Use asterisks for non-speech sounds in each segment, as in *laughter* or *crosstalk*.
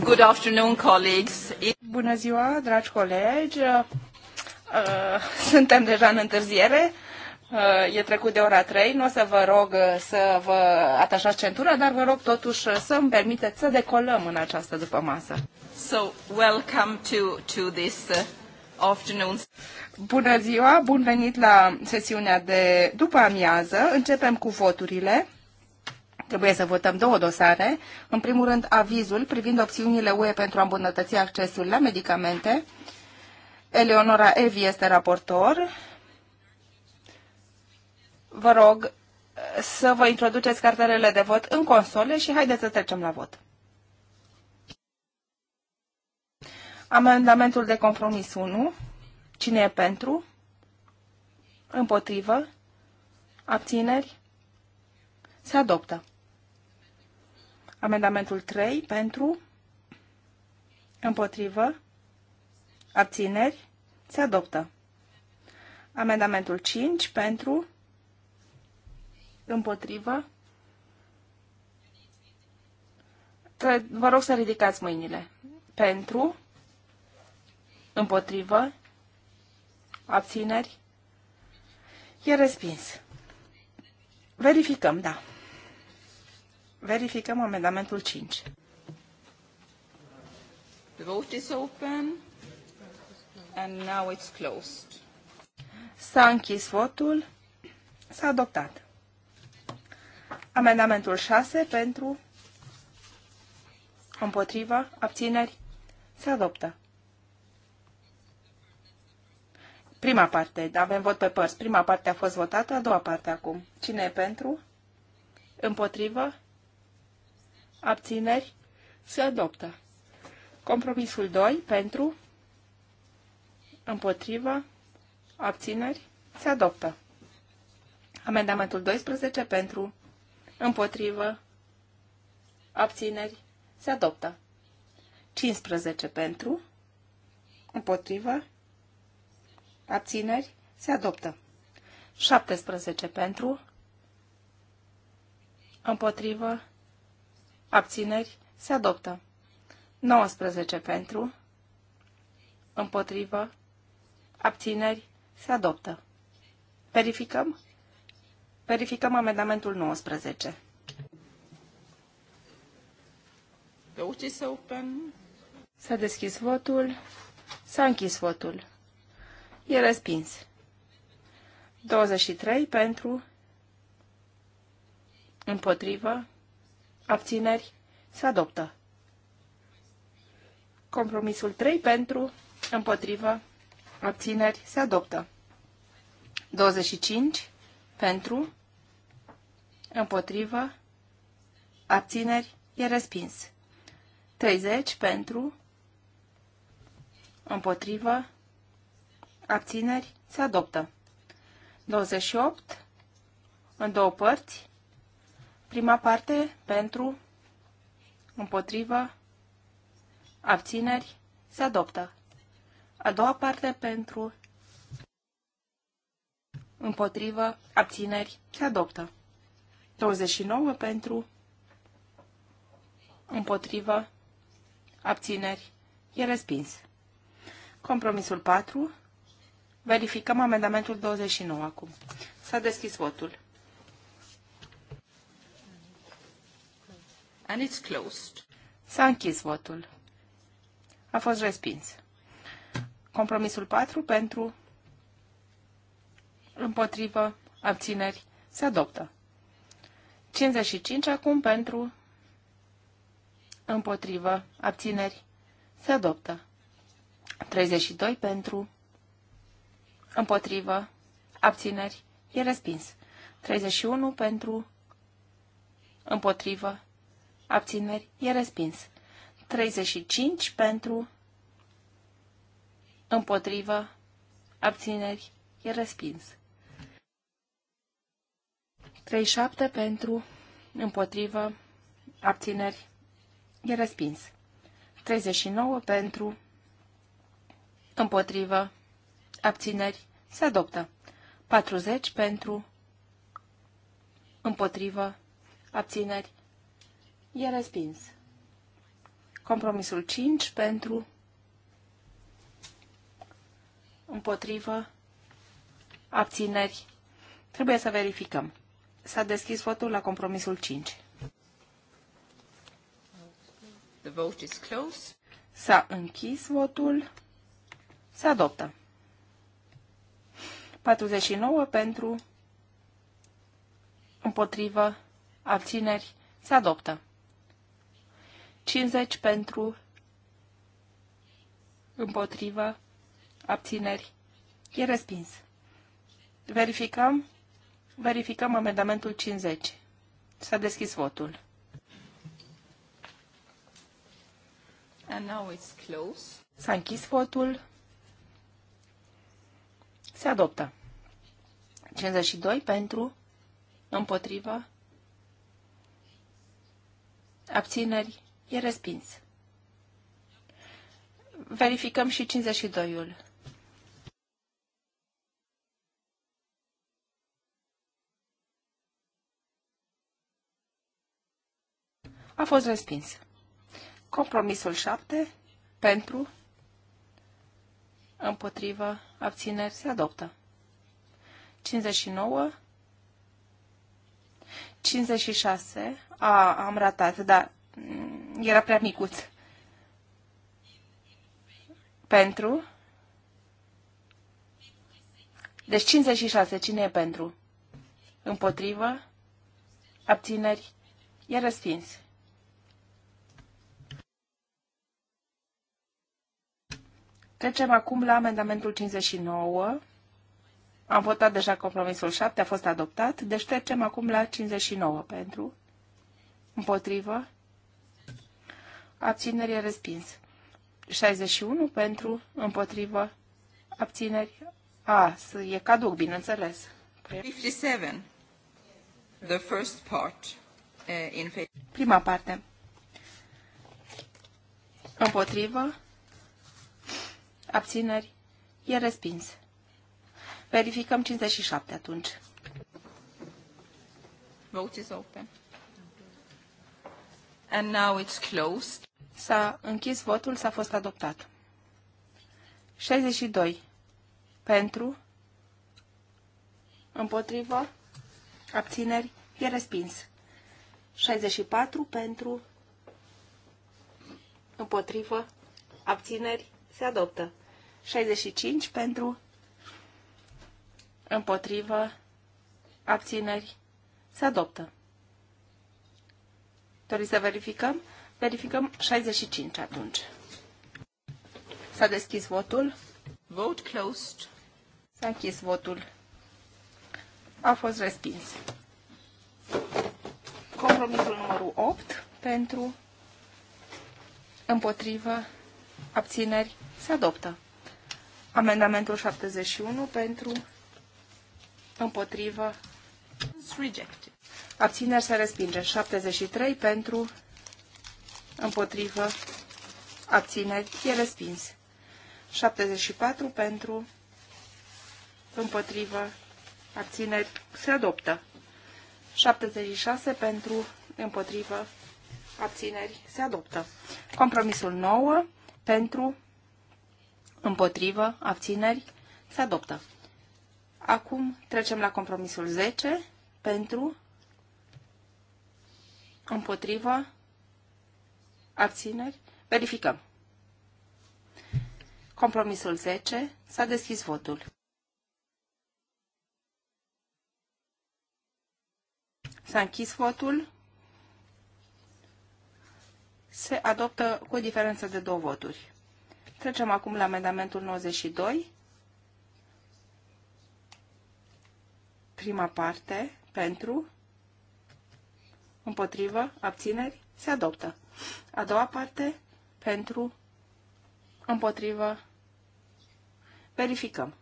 Good afternoon, colleagues. Bună ziua, dragi colegi. Uh, suntem deja în întârziere. Uh, e trecut de ora 3. Nu o să vă rog uh, să vă atașați centura, dar vă rog totuși să îmi permiteți să decolăm în această după masă. So, welcome to, to this afternoon. Bună ziua, bun venit la sesiunea de după amiază. Începem cu voturile. Trebuie să votăm două dosare. În primul rând, avizul privind opțiunile UE pentru a îmbunătăți accesul la medicamente. Eleonora Evi este raportor. Vă rog să vă introduceți cartelele de vot în console și haideți să trecem la vot. Amendamentul de compromis 1. Cine e pentru? Împotrivă? Abțineri? Se adoptă. Amendamentul 3 pentru, împotrivă, abțineri, se adoptă. Amendamentul 5 pentru, împotrivă, vă rog să ridicați mâinile. Pentru, împotrivă, abțineri, e respins. Verificăm, da. Verificăm amendamentul 5. The vote is open and now it's closed. S-a închis votul. S-a adoptat. Amendamentul 6 pentru împotriva abțineri se adoptă. Prima parte, da, avem vot pe părți. Prima parte a fost votată, a doua parte acum. Cine e pentru? Împotrivă? abțineri, se adoptă. Compromisul 2 pentru, împotrivă, abțineri, se adoptă. Amendamentul 12 pentru, împotrivă, abțineri, se adoptă. 15 pentru, împotrivă, abțineri, se adoptă. 17 pentru, împotrivă, abțineri, se adoptă. 19 pentru, împotrivă, abțineri, se adoptă. Verificăm? Verificăm amendamentul 19. open. S-a deschis votul. S-a închis votul. E respins. 23 pentru, împotrivă, abțineri, se adoptă. Compromisul 3 pentru, împotrivă, abțineri, se adoptă. 25 pentru, împotrivă, abțineri, e respins. 30 pentru, împotrivă, abțineri, se adoptă. 28 în două părți, Prima parte, pentru, împotrivă, abțineri, se adoptă. A doua parte, pentru, împotrivă, abțineri, se adoptă. 29 pentru, împotrivă, abțineri, e respins. Compromisul 4, verificăm amendamentul 29 acum. S-a deschis votul. And it's closed. S-a închis votul. A fost respins. Compromisul 4 pentru, împotrivă, abțineri, se adoptă. 55 acum pentru, împotrivă, abțineri, se adoptă. 32 pentru, împotrivă, abțineri, e respins. 31 pentru, împotrivă, abțineri, e respins. 35 pentru, împotrivă, abțineri, e respins. 37 pentru, împotrivă, abțineri, e respins. 39 pentru, împotrivă, abțineri, se adoptă. 40 pentru, împotrivă, abțineri, E respins. Compromisul 5 pentru împotrivă abțineri. Trebuie să verificăm. S-a deschis votul la compromisul 5. The vote is S-a închis votul. Se adoptă. 49 pentru, împotrivă, abțineri, se adoptă. 50 pentru, împotrivă, abțineri. E respins. Verificăm. Verificăm amendamentul 50. S-a deschis votul. S-a închis votul. Se adoptă. 52 pentru, împotrivă, abțineri, E respins. Verificăm și 52-ul. A fost respins. Compromisul 7 pentru împotrivă abțineri se adoptă. 59 56 a, am ratat, dar era prea micuț. Pentru. Deci 56. Cine e pentru? Împotrivă? Abțineri? E respins. Trecem acum la amendamentul 59. Am votat deja compromisul 7, a fost adoptat, deci trecem acum la 59 pentru, împotrivă, abțineri respins. 61 pentru, împotrivă, abțineri. A, e caduc, bineînțeles. 57. The first part uh, in Prima parte. Împotrivă, abțineri, e respins. Verificăm 57 atunci. Vote is open. And now it's closed. S-a închis votul, s-a fost adoptat. 62. Pentru. Împotrivă. Abțineri. E respins. 64 pentru. Împotrivă. Abțineri. Se adoptă. 65 pentru. Împotrivă. Abțineri. Se adoptă. Doriți să verificăm? Verificăm 65 atunci. S-a deschis votul. Vote closed. S-a închis votul. A fost respins. Compromisul numărul 8 pentru împotrivă abțineri se adoptă. Amendamentul 71 pentru împotrivă Abțineri se respinge. 73 pentru împotrivă, abțineri, e respins. 74 pentru, împotrivă, abțineri, se adoptă. 76 pentru, împotrivă, abțineri, se adoptă. Compromisul 9 pentru, împotrivă, abțineri, se adoptă. Acum trecem la compromisul 10 pentru, împotrivă, Abțineri? Verificăm. Compromisul 10. S-a deschis votul. S-a închis votul. Se adoptă cu o diferență de două voturi. Trecem acum la amendamentul 92. Prima parte, pentru, împotrivă, abțineri, se adoptă. A doua parte, pentru, împotrivă, verificăm.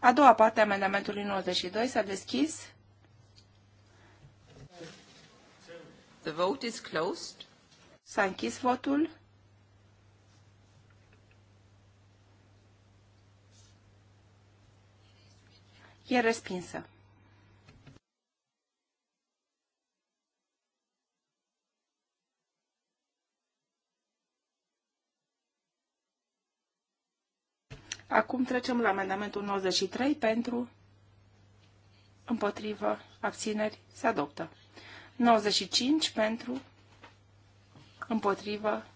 A doua parte a amendamentului 92 s-a deschis. The vote is closed. S-a închis votul. E respinsă. Acum trecem la amendamentul 93 pentru, împotrivă, abțineri, se adoptă. 95 pentru, împotrivă.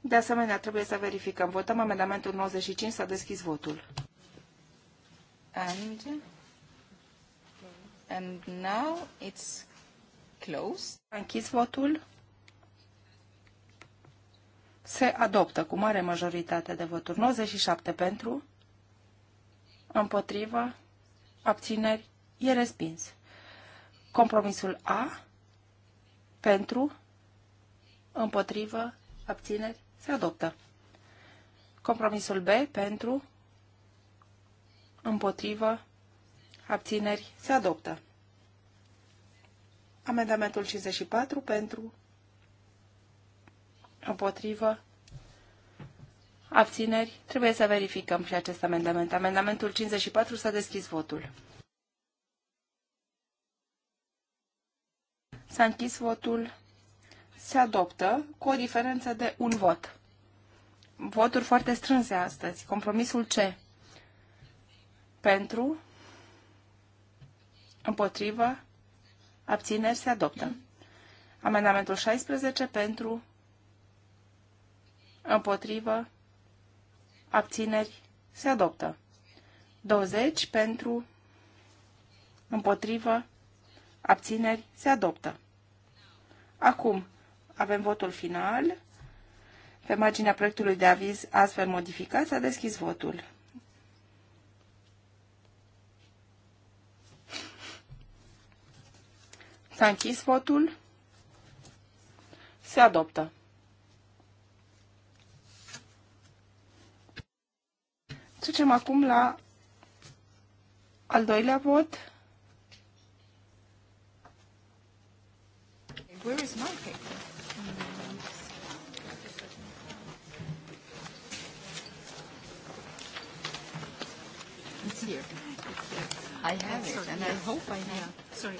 De asemenea, trebuie să verificăm. Votăm amendamentul 95, s-a deschis votul. And, and now it's closed. A închis votul se adoptă cu mare majoritate de voturi. 97 pentru, împotrivă, abțineri, e respins. Compromisul A, pentru, împotrivă, abțineri, se adoptă. Compromisul B, pentru, împotrivă, abțineri, se adoptă. Amendamentul 54 pentru, împotrivă, abțineri. Trebuie să verificăm și acest amendament. Amendamentul 54 s-a deschis votul. S-a închis votul. Se adoptă cu o diferență de un vot. Voturi foarte strânse astăzi. Compromisul C. Pentru, împotrivă, abțineri se adoptă. Amendamentul 16 pentru, împotrivă, abțineri, se adoptă. 20 pentru, împotrivă, abțineri, se adoptă. Acum avem votul final. Pe marginea proiectului de aviz astfel modificat s-a deschis votul. S-a închis votul. Se adoptă. Trecem acum la al doilea vot. Where is my paper? It's here. I have it, and I hope I have. Sorry.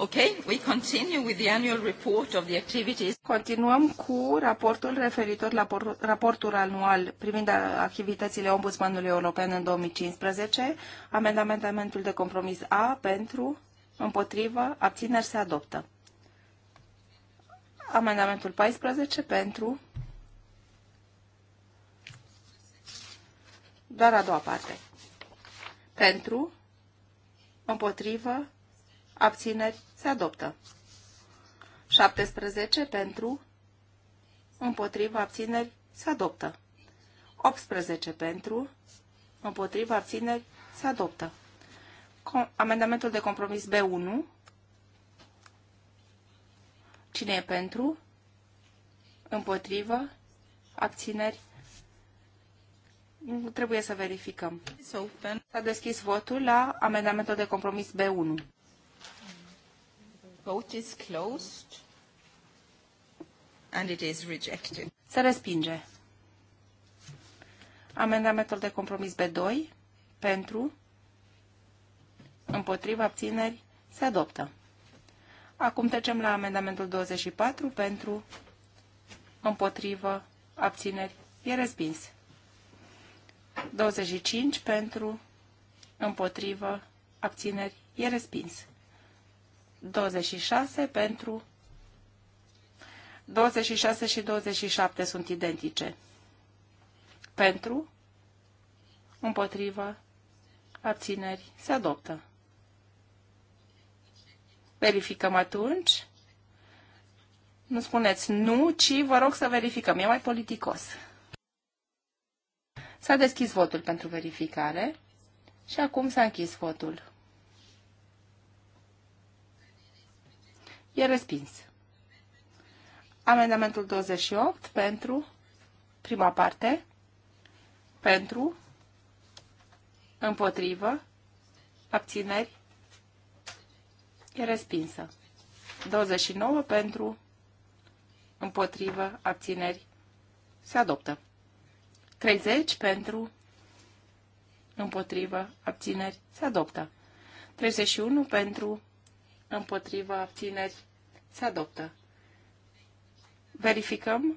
Okay, we continue with the annual report of the activities. Continuăm cu raportul referitor la raportul anual privind activitățile Ombudsmanului European în 2015, amendamentul de compromis A pentru, împotrivă, abțineri se adoptă. Amendamentul 14 pentru, doar a doua parte, pentru, împotrivă, abțineri, se adoptă. 17 pentru, împotriva abțineri, se adoptă. 18 pentru, împotriva abțineri, se adoptă. Com amendamentul de compromis B1. Cine e pentru? Împotrivă? Abțineri? Trebuie să verificăm. S-a deschis votul la amendamentul de compromis B1. Vote is closed. And it is rejected. Se respinge. Amendamentul de compromis B2 pentru împotriva abțineri se adoptă. Acum trecem la amendamentul 24 pentru împotrivă abțineri e respins. 25 pentru împotrivă abțineri e respins. 26 pentru 26 și 27 sunt identice. Pentru, împotrivă, abțineri, se adoptă. Verificăm atunci. Nu spuneți nu, ci vă rog să verificăm. E mai politicos. S-a deschis votul pentru verificare și acum s-a închis votul. E respins. Amendamentul 28 pentru prima parte, pentru, împotrivă, abțineri, e respinsă. 29 pentru, împotrivă, abțineri, se adoptă. 30 pentru, împotrivă, abțineri, se adoptă. 31 pentru, împotrivă, abțineri, se adoptă. Verificăm.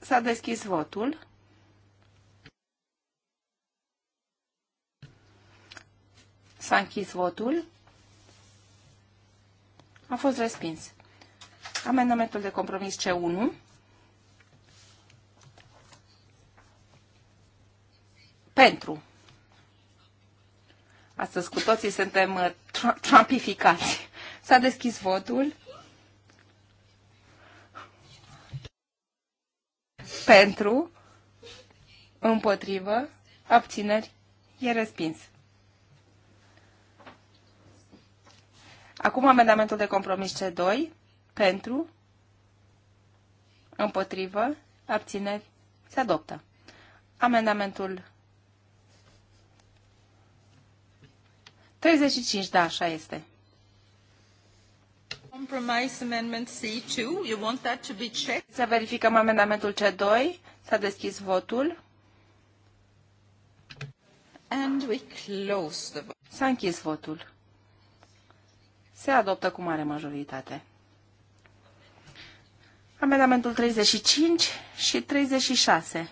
S-a deschis votul. S-a închis votul. A fost respins. Amendamentul de compromis C1. Pentru. Astăzi cu toții suntem uh, trumpificați. S-a deschis votul. pentru, împotrivă, abțineri, e respins. Acum amendamentul de compromis C2, pentru, împotrivă, abțineri, se adoptă. Amendamentul 35, da, așa este. C2. You want that to be checked? Să verificăm amendamentul C2. S-a deschis votul. And we close the S-a închis votul. Se adoptă cu mare majoritate. Amendamentul 35 și 36.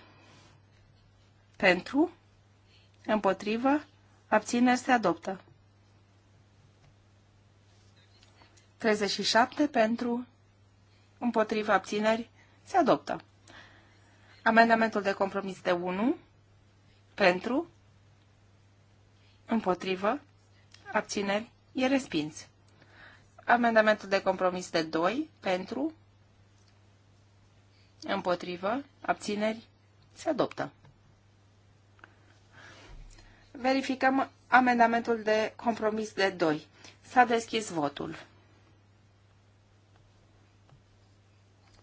Pentru, împotrivă, abțineri se adoptă. 37 pentru, împotriva abțineri, se adoptă. Amendamentul de compromis de 1 pentru, împotrivă, abțineri, e respins. Amendamentul de compromis de 2 pentru, împotrivă, abțineri, se adoptă. Verificăm amendamentul de compromis de 2. S-a deschis votul.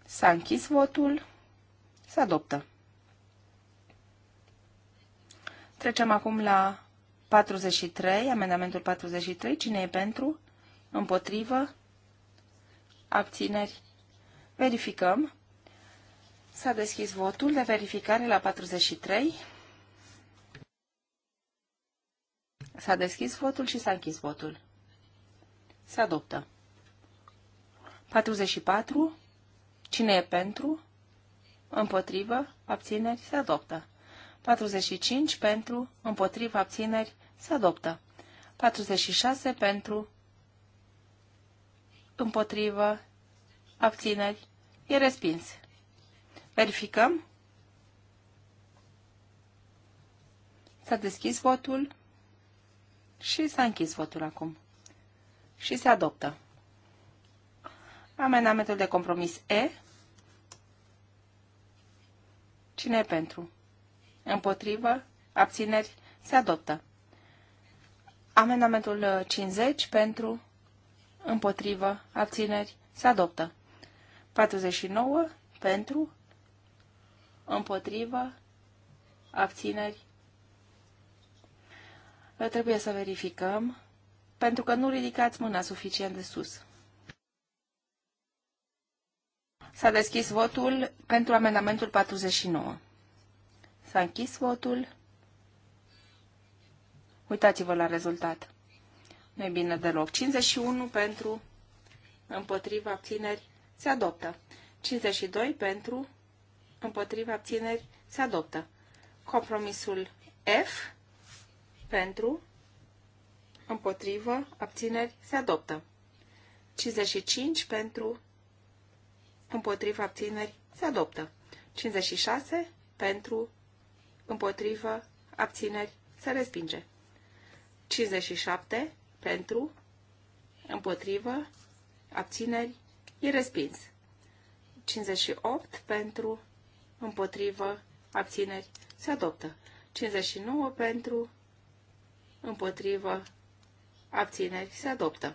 S-a închis votul. Se adoptă. Trecem acum la 43, amendamentul 43. Cine e pentru? Împotrivă? Abțineri? Verificăm. S-a deschis votul de verificare la 43. S-a deschis votul și s-a închis votul. Se adoptă. 44 Cine e pentru? Împotrivă, abțineri, se adoptă. 45 pentru, împotrivă, abțineri, se adoptă. 46 pentru, împotrivă, abțineri, e respins. Verificăm. S-a deschis votul și s-a închis votul acum. Și se adoptă. Amendamentul de compromis E. Cine e pentru? Împotrivă? Abțineri? Se adoptă. Amendamentul 50 uh, pentru? Împotrivă? Abțineri? Se adoptă. 49 pentru? Împotrivă? Abțineri? Trebuie să verificăm, pentru că nu ridicați mâna suficient de sus. S-a deschis votul pentru amendamentul 49. S-a închis votul. Uitați-vă la rezultat. Nu e bine deloc. 51 pentru, împotriva abțineri, se adoptă. 52 pentru, împotriva abțineri, se adoptă. Compromisul F pentru, împotriva abțineri, se adoptă. 55 pentru, împotriva abțineri se adoptă. 56 pentru, împotrivă, abțineri se respinge. 57 pentru, împotrivă, abțineri e respins. 58 pentru, împotrivă, abțineri se adoptă. 59 pentru, împotrivă, abțineri se adoptă.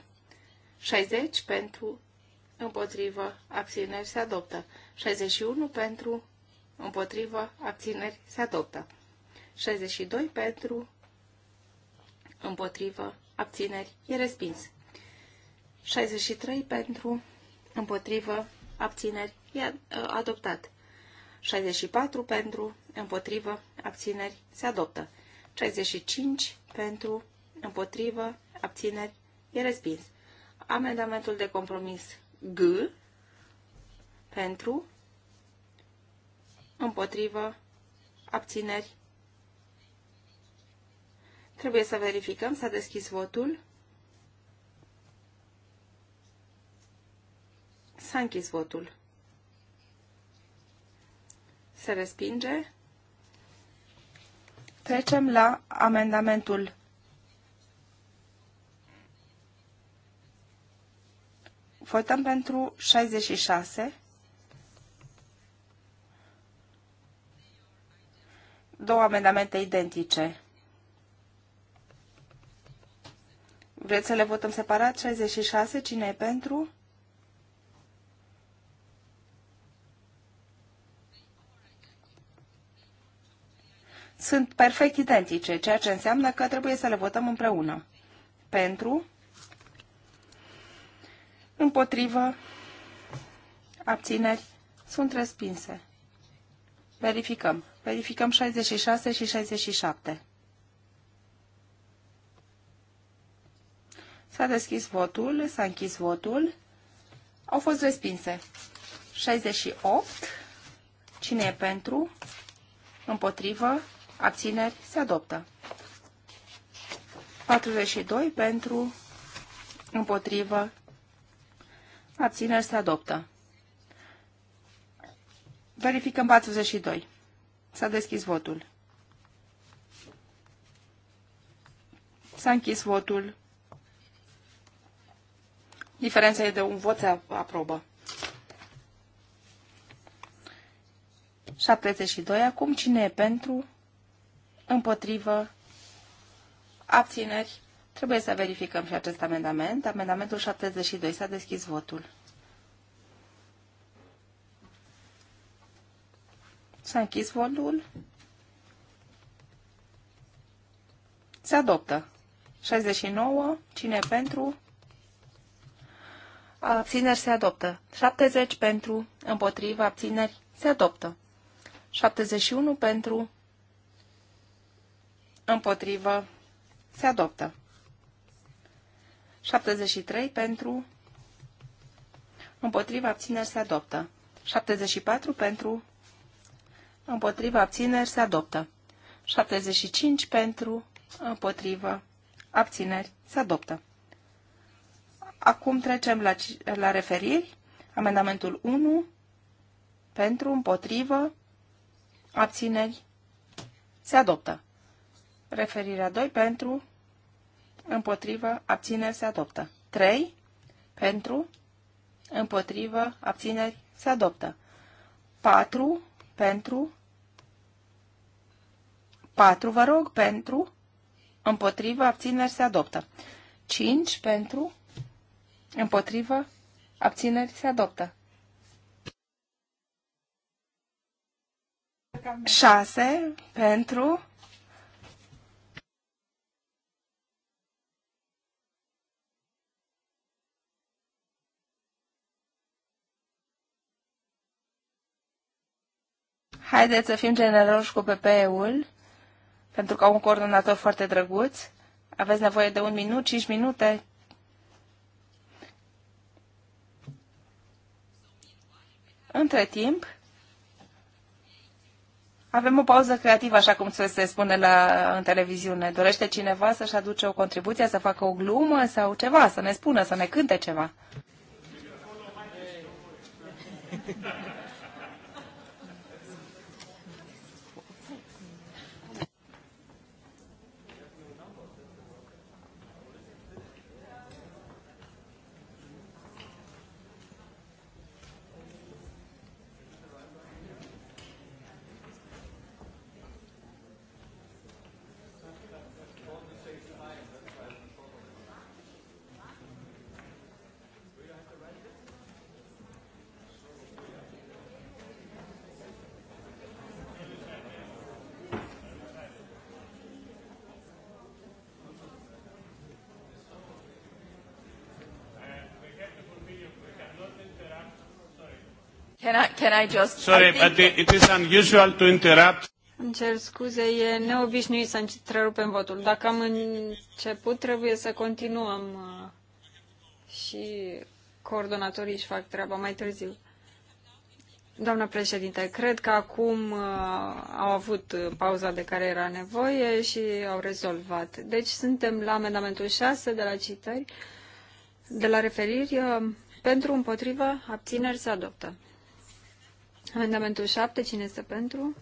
60 pentru, împotrivă, abțineri se adoptă. 61 pentru, împotrivă, abțineri se adoptă. 62 pentru, împotrivă, abțineri e respins. 63 pentru, împotrivă, abțineri e uh, adoptat. 64 pentru, împotrivă, abțineri se adoptă. 65 pentru, împotrivă, abțineri e respins. Amendamentul de compromis G pentru, împotrivă, abțineri. Trebuie să verificăm, s-a deschis votul. S-a închis votul. Se respinge. Trecem la amendamentul Votăm pentru 66. Două amendamente identice. Vreți să le votăm separat? 66. Cine e pentru? Sunt perfect identice, ceea ce înseamnă că trebuie să le votăm împreună. Pentru împotrivă, abțineri, sunt respinse. Verificăm. Verificăm 66 și 67. S-a deschis votul, s-a închis votul. Au fost respinse. 68. Cine e pentru? Împotrivă? Abțineri? Se adoptă. 42 pentru, împotrivă, Abțineri se adoptă. Verificăm 42. S-a deschis votul. S-a închis votul. Diferența e de un vot se aprobă. 72. Acum cine e pentru? Împotrivă? Abțineri? Trebuie să verificăm și acest amendament. Amendamentul 72. S-a deschis votul. S-a închis votul. Se adoptă. 69. Cine pentru? Abțineri se adoptă. 70 pentru. Împotriva abțineri se adoptă. 71 pentru. Împotrivă se adoptă. 73 pentru, împotriva abțineri se adoptă. 74 pentru, împotriva abțineri se adoptă. 75 pentru, împotriva abțineri se adoptă. Acum trecem la, la referiri. Amendamentul 1 pentru, împotrivă, abțineri se adoptă. Referirea 2 pentru, împotrivă, abțineri, se adoptă. 3. Pentru, împotrivă, abțineri, se adoptă. 4. Pentru, 4, vă rog, pentru, împotrivă, abțineri, se adoptă. 5. Pentru, împotrivă, abțineri, se adoptă. 6. Pentru, Haideți să fim generoși cu PPE-ul, pentru că au un coordonator foarte drăguț. Aveți nevoie de un minut, cinci minute? Între timp, avem o pauză creativă, așa cum se spune la, în televiziune. Dorește cineva să-și aduce o contribuție, să facă o glumă sau ceva, să ne spună, să ne cânte ceva. *laughs* can I just... Sorry, I but it is unusual to interrupt. Îmi cer scuze, e neobișnuit să întrerupem votul. Dacă am început, trebuie să continuăm uh, și coordonatorii își fac treaba mai târziu. Doamna președinte, cred că acum uh, au avut pauza de care era nevoie și au rezolvat. Deci suntem la amendamentul 6 de la citări, de la referiri, uh, pentru împotrivă, abțineri se adoptă. Amendamentul 7. Cine este pentru?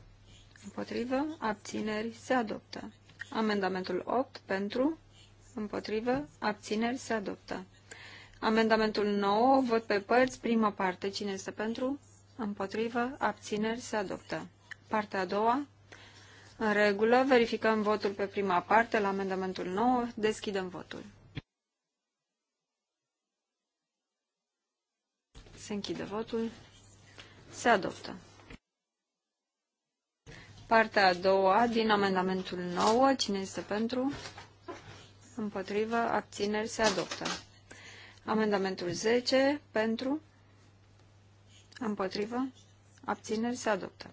Împotrivă. Abțineri. Se adoptă. Amendamentul 8. Pentru. Împotrivă. Abțineri. Se adoptă. Amendamentul 9. Vot pe părți. Prima parte. Cine este pentru? Împotrivă. Abțineri. Se adoptă. Partea a doua. În regulă. Verificăm votul pe prima parte la amendamentul 9. Deschidem votul. Se închide votul. Se adoptă. Partea a doua din amendamentul 9. Cine este pentru? Împotrivă. Abțineri. Se adoptă. Amendamentul 10. Pentru? Împotrivă. Abțineri. Se adoptă.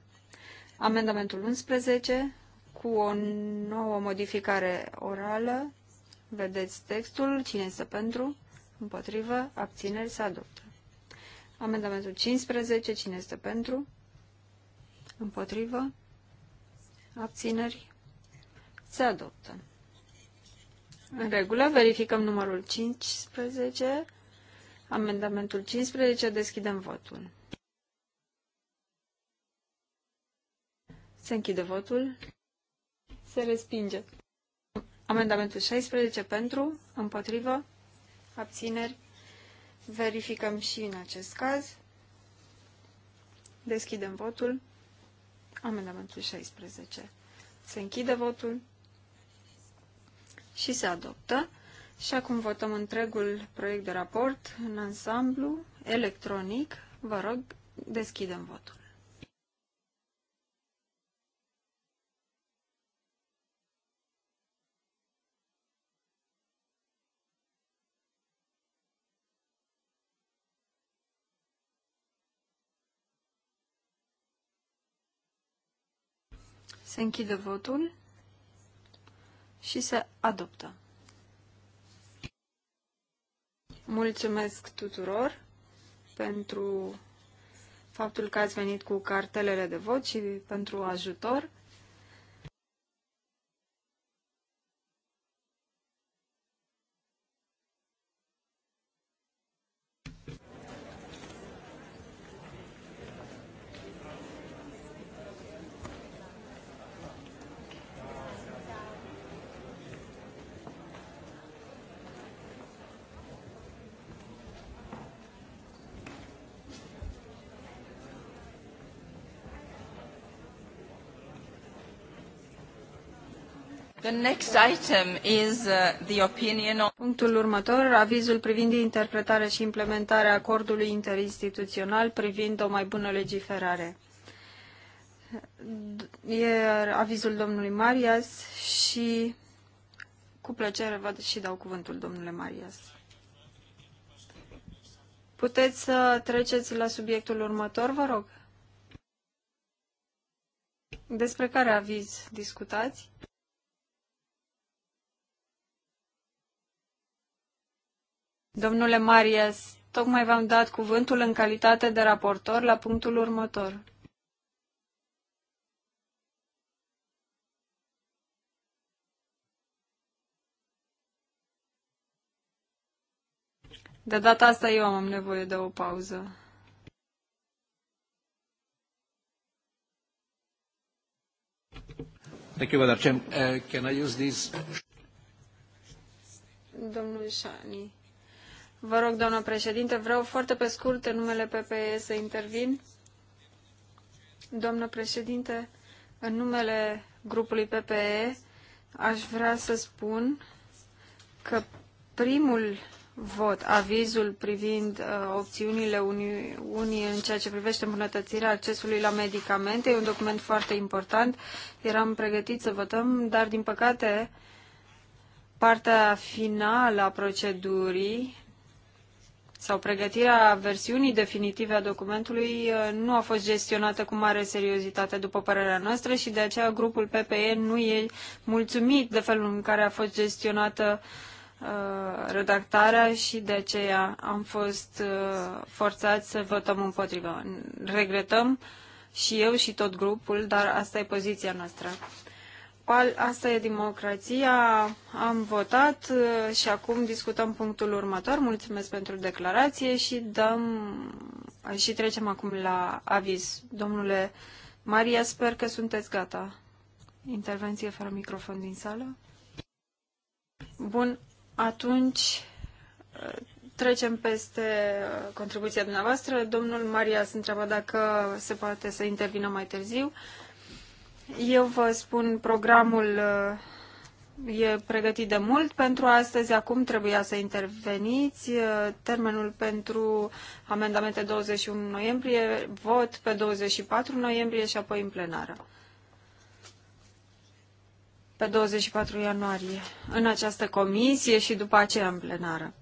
Amendamentul 11 cu o nouă modificare orală. Vedeți textul. Cine este pentru? Împotrivă. Abțineri. Se adoptă. Amendamentul 15. Cine este pentru? Împotrivă? Abțineri? Se adoptă. În regulă, verificăm numărul 15. Amendamentul 15. Deschidem votul. Se închide votul. Se respinge. Amendamentul 16 pentru, împotrivă, abțineri, Verificăm și în acest caz. Deschidem votul. Amendamentul 16. Se închide votul și se adoptă. Și acum votăm întregul proiect de raport în ansamblu electronic. Vă rog, deschidem votul. Se închide votul și se adoptă. Mulțumesc tuturor pentru faptul că ați venit cu cartelele de vot și pentru ajutor. Uh, Punctul următor, avizul privind interpretarea și implementarea acordului interinstituțional privind o mai bună legiferare. E avizul domnului Marias și cu plăcere vă și dau cuvântul domnule Marias. Puteți să treceți la subiectul următor, vă rog? Despre care aviz discutați? Domnule Marias, tocmai v-am dat cuvântul în calitate de raportor la punctul următor. De data asta eu am nevoie de o pauză. Thank you, Madam Chair. Uh, can I use this? Domnul Shani. Vă rog, doamnă președinte, vreau foarte pe scurt în numele PPE să intervin. Doamnă președinte, în numele grupului PPE aș vrea să spun că primul vot, avizul privind uh, opțiunile Uniunii în ceea ce privește îmbunătățirea accesului la medicamente. E un document foarte important. Eram pregătiți să votăm, dar din păcate partea finală a procedurii sau pregătirea versiunii definitive a documentului uh, nu a fost gestionată cu mare seriozitate, după părerea noastră, și de aceea grupul PPE nu e mulțumit de felul în care a fost gestionată uh, redactarea și de aceea am fost uh, forțați să votăm împotriva. Regretăm și eu și tot grupul, dar asta e poziția noastră. Asta e democrația. Am votat uh, și acum discutăm punctul următor. Mulțumesc pentru declarație și dăm uh, și trecem acum la aviz. Domnule Maria, sper că sunteți gata. Intervenție fără microfon din sală. Bun, atunci uh, trecem peste contribuția dumneavoastră. Domnul Maria se întreabă dacă se poate să intervină mai târziu. Eu vă spun, programul uh, e pregătit de mult pentru astăzi. Acum trebuia să interveniți. Uh, termenul pentru amendamente 21 noiembrie, vot pe 24 noiembrie și apoi în plenară. Pe 24 ianuarie, în această comisie și după aceea în plenară.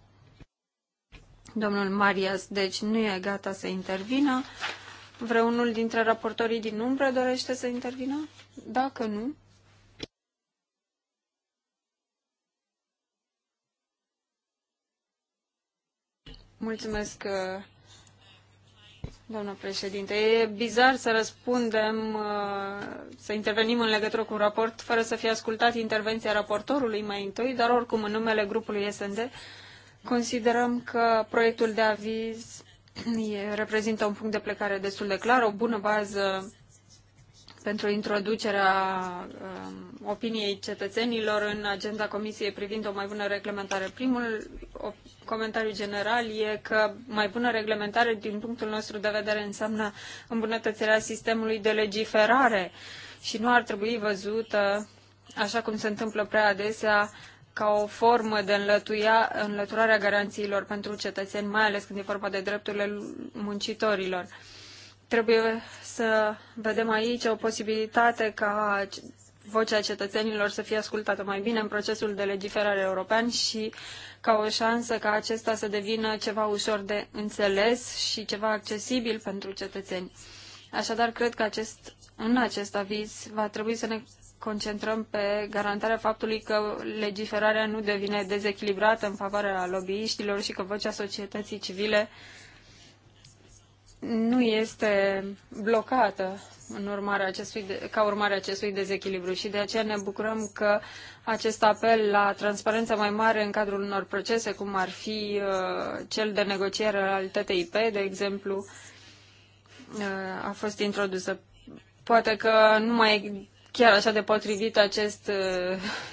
Domnul Marias, deci, nu e gata să intervină. Vreunul dintre raportorii din umbră dorește să intervină? Dacă nu... Mulțumesc, uh, doamnă președinte. E bizar să răspundem, uh, să intervenim în legătură cu un raport fără să fie ascultat intervenția raportorului mai întâi, dar oricum în numele grupului SND considerăm că proiectul de aviz e, reprezintă un punct de plecare destul de clar, o bună bază pentru introducerea um, opiniei cetățenilor în agenda Comisiei privind o mai bună reglementare. Primul comentariu general e că mai bună reglementare, din punctul nostru de vedere, înseamnă îmbunătățirea sistemului de legiferare și nu ar trebui văzută, așa cum se întâmplă prea adesea, ca o formă de înlătuia, înlăturarea garanțiilor pentru cetățeni, mai ales când e vorba de drepturile muncitorilor. Trebuie să vedem aici o posibilitate ca vocea cetățenilor să fie ascultată mai bine în procesul de legiferare european și ca o șansă ca acesta să devină ceva ușor de înțeles și ceva accesibil pentru cetățeni. Așadar, cred că acest, în acest aviz va trebui să ne concentrăm pe garantarea faptului că legiferarea nu devine dezechilibrată în favoarea lobbyiștilor și că vocea societății civile nu este blocată în urmarea acestui, ca urmare a acestui dezechilibru și de aceea ne bucurăm că acest apel la transparență mai mare în cadrul unor procese, cum ar fi uh, cel de negociere al TTIP, de exemplu, uh, a fost introdusă. Poate că nu mai chiar așa de potrivit acest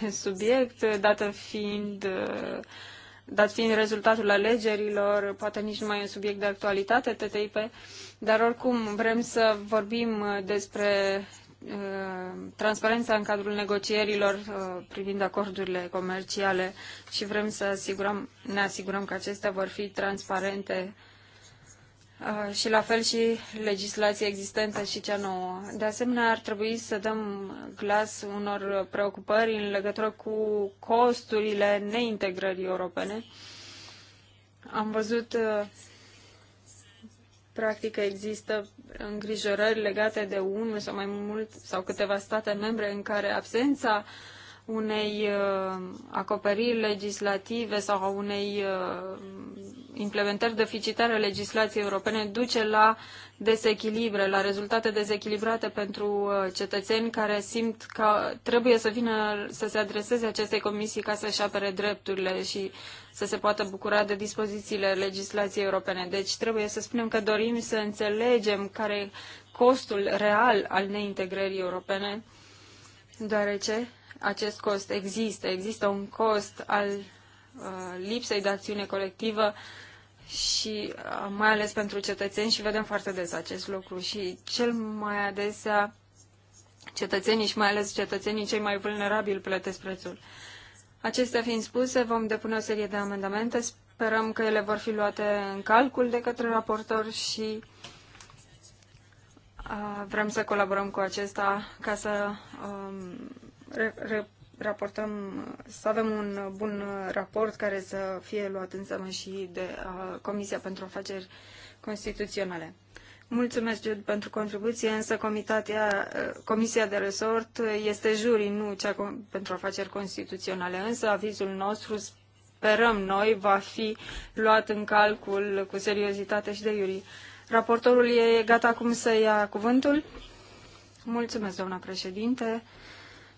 uh, *laughs* subiect, dată fiind, uh, dat fiind rezultatul alegerilor, poate nici nu mai e un subiect de actualitate TTIP, dar oricum vrem să vorbim uh, despre transparența în cadrul negocierilor privind acordurile comerciale și vrem să asigurăm, ne asigurăm că acestea vor fi transparente Ah, și la fel și legislația existentă și cea nouă. De asemenea, ar trebui să dăm glas unor preocupări în legătură cu costurile neintegrării europene. Am văzut ah, practic există îngrijorări legate de unul sau mai mult sau câteva state membre în care absența unei ah, acoperiri legislative sau a unei implementări deficitare legislației europene duce la dezechilibre, la rezultate dezechilibrate pentru uh, cetățeni care simt că trebuie să vină să se adreseze acestei comisii ca să-și apere drepturile și să se poată bucura de dispozițiile legislației europene. Deci trebuie să spunem că dorim să înțelegem care costul real al neintegrării europene, deoarece acest cost există. Există un cost al Uh, lipsei de acțiune colectivă și uh, mai ales pentru cetățeni și vedem foarte des acest lucru și cel mai adesea cetățenii și mai ales cetățenii cei mai vulnerabili plătesc prețul. Acestea fiind spuse, vom depune o serie de amendamente. Sperăm că ele vor fi luate în calcul de către raportor și uh, vrem să colaborăm cu acesta ca să um, re, re, raportăm, să avem un bun raport care să fie luat în seamă și de Comisia pentru Afaceri Constituționale. Mulțumesc, Jude, pentru contribuție, însă comitatea, Comisia de Resort este juri, nu cea pentru afaceri constituționale, însă avizul nostru sperăm noi, va fi luat în calcul cu seriozitate și de iurii. Raportorul e gata acum să ia cuvântul? Mulțumesc, doamna președinte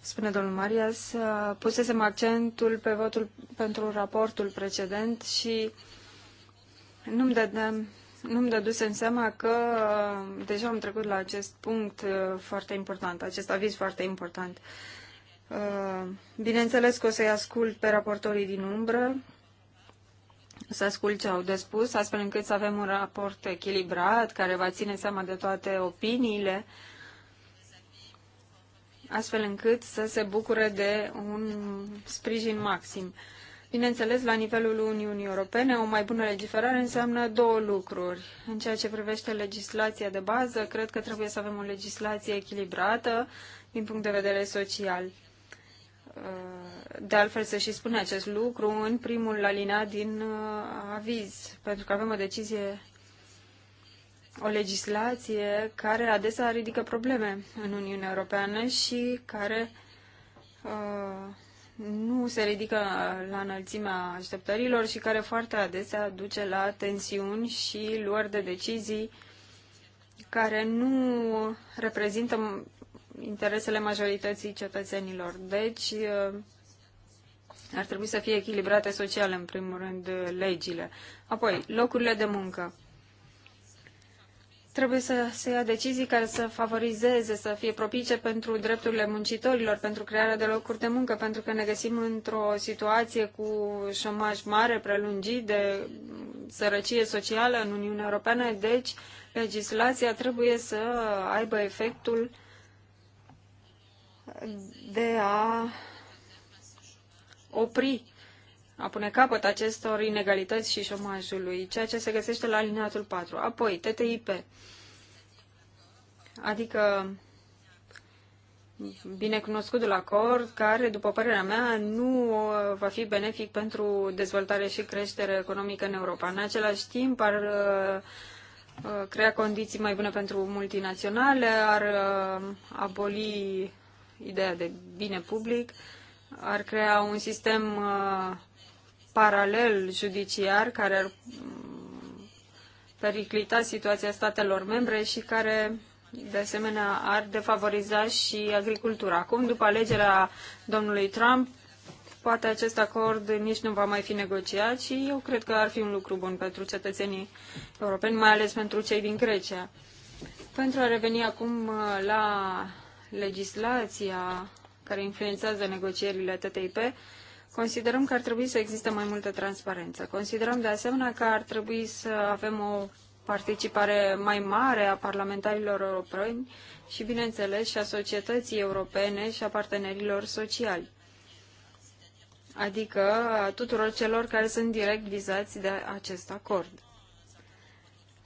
spune domnul Marias, uh, pusesem accentul pe votul pentru raportul precedent și nu-mi dădeam nu-mi dădusem seama că uh, deja am trecut la acest punct uh, foarte important, acest aviz foarte important. Bineînțeles că o să-i ascult pe raportorii din umbră, să ascult ce au de spus, astfel încât să avem un raport echilibrat, care va ține seama de toate opiniile, uh, astfel încât să se bucure de un sprijin maxim. Bineînțeles, la nivelul Uniunii Europene, o mai bună legiferare înseamnă două lucruri. În ceea ce privește legislația de bază, cred că trebuie să avem o legislație echilibrată din punct de vedere social. De altfel se și spune acest lucru în primul alinat din uh, aviz, pentru că avem o decizie o legislație care adesea ridică probleme în Uniunea Europeană și care uh, nu se ridică la înălțimea așteptărilor și care foarte adesea duce la tensiuni și luări de decizii care nu reprezintă interesele majorității cetățenilor. Deci, uh, ar trebui să fie echilibrate social, în primul rând, legile. Apoi, locurile de muncă. Trebuie să se ia decizii care să favorizeze, să fie propice pentru drepturile muncitorilor, pentru crearea de locuri de muncă, pentru că ne găsim într-o situație cu șomaj mare, prelungit, de sărăcie socială în Uniunea Europeană, deci legislația trebuie să aibă efectul de a opri a pune capăt acestor inegalități și șomajului, ceea ce se găsește la alineatul 4. Apoi, TTIP, adică binecunoscutul acord care, după părerea mea, nu uh, va fi benefic pentru dezvoltare și creștere economică în Europa. În același timp, ar uh, uh, crea condiții mai bune pentru multinaționale, ar aboli ideea de bine public, ar crea un sistem paralel judiciar care ar periclita situația statelor membre și care, de asemenea, ar defavoriza și agricultura. Acum, după alegerea domnului Trump, poate acest acord nici nu va mai fi negociat și eu cred că ar fi un lucru bun pentru cetățenii europeni, mai ales pentru cei din Grecia. Pentru a reveni acum uh, la legislația care influențează negocierile TTIP, Considerăm că ar trebui să existe mai multă transparență. Considerăm de asemenea că ar trebui să avem o participare mai mare a parlamentarilor europeni și, bineînțeles, și a societății europene și a partenerilor sociali, adică a tuturor celor care sunt direct vizați de acest acord.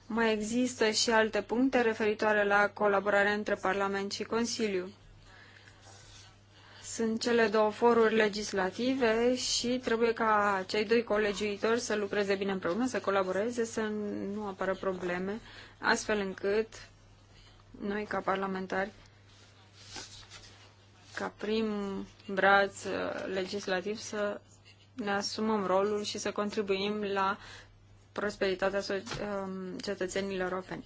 Mai există și alte puncte referitoare la colaborarea între Parlament și Consiliu. Sunt cele două foruri legislative și trebuie ca cei doi colegiuitori să lucreze bine împreună, să colaboreze, să nu apară probleme, astfel încât noi ca parlamentari, ca prim braț uh, legislativ să ne asumăm rolul și să contribuim la prosperitatea um, cetățenilor europeni.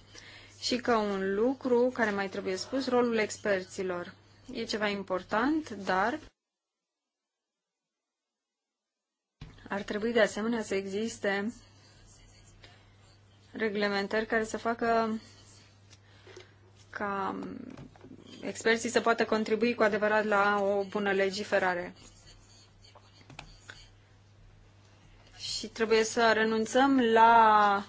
Și că un lucru care mai trebuie spus, rolul experților e ceva important, dar ar trebui de asemenea să existe reglementări care să facă ca experții să poată contribui cu adevărat la o bună legiferare. Și trebuie să renunțăm la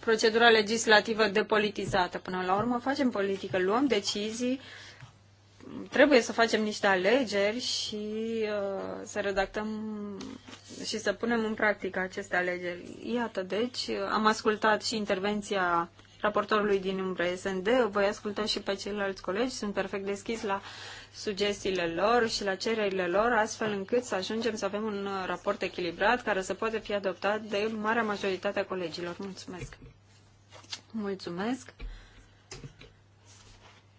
procedura legislativă depolitizată. Până la urmă facem politică, luăm decizii trebuie să facem niște alegeri și uh, să redactăm și să punem în practică aceste alegeri. Iată, deci, am ascultat și intervenția raportorului din umbră SND, voi asculta și pe ceilalți colegi, sunt perfect deschis la sugestiile lor și la cererile lor, astfel încât să ajungem să avem un raport echilibrat care să poate fi adoptat de marea majoritate a colegilor. Mulțumesc! Mulțumesc!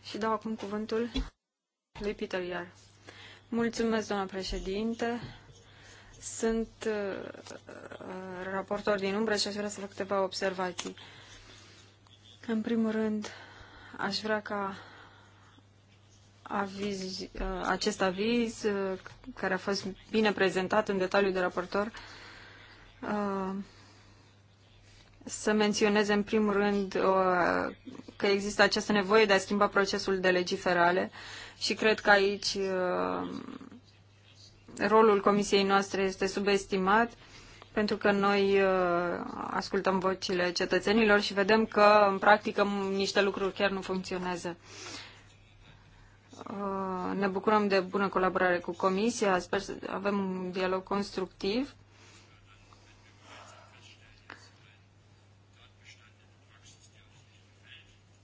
Și dau acum cuvântul lui Iar. Mulțumesc, doamnă președinte. Sunt uh, uh, raportor din umbră și aș vrea să fac câteva observații. În primul rând, aș vrea ca aviz, uh, acest aviz, uh, care a fost bine prezentat în detaliu de raportor, uh, să menționez în primul rând uh, că există această nevoie de a schimba procesul de legiferare și cred că aici uh, rolul comisiei noastre este subestimat pentru că noi uh, ascultăm vocile cetățenilor și vedem că în practică niște lucruri chiar nu funcționează. Ne bucurăm de bună colaborare cu Comisia, sper să avem un dialog constructiv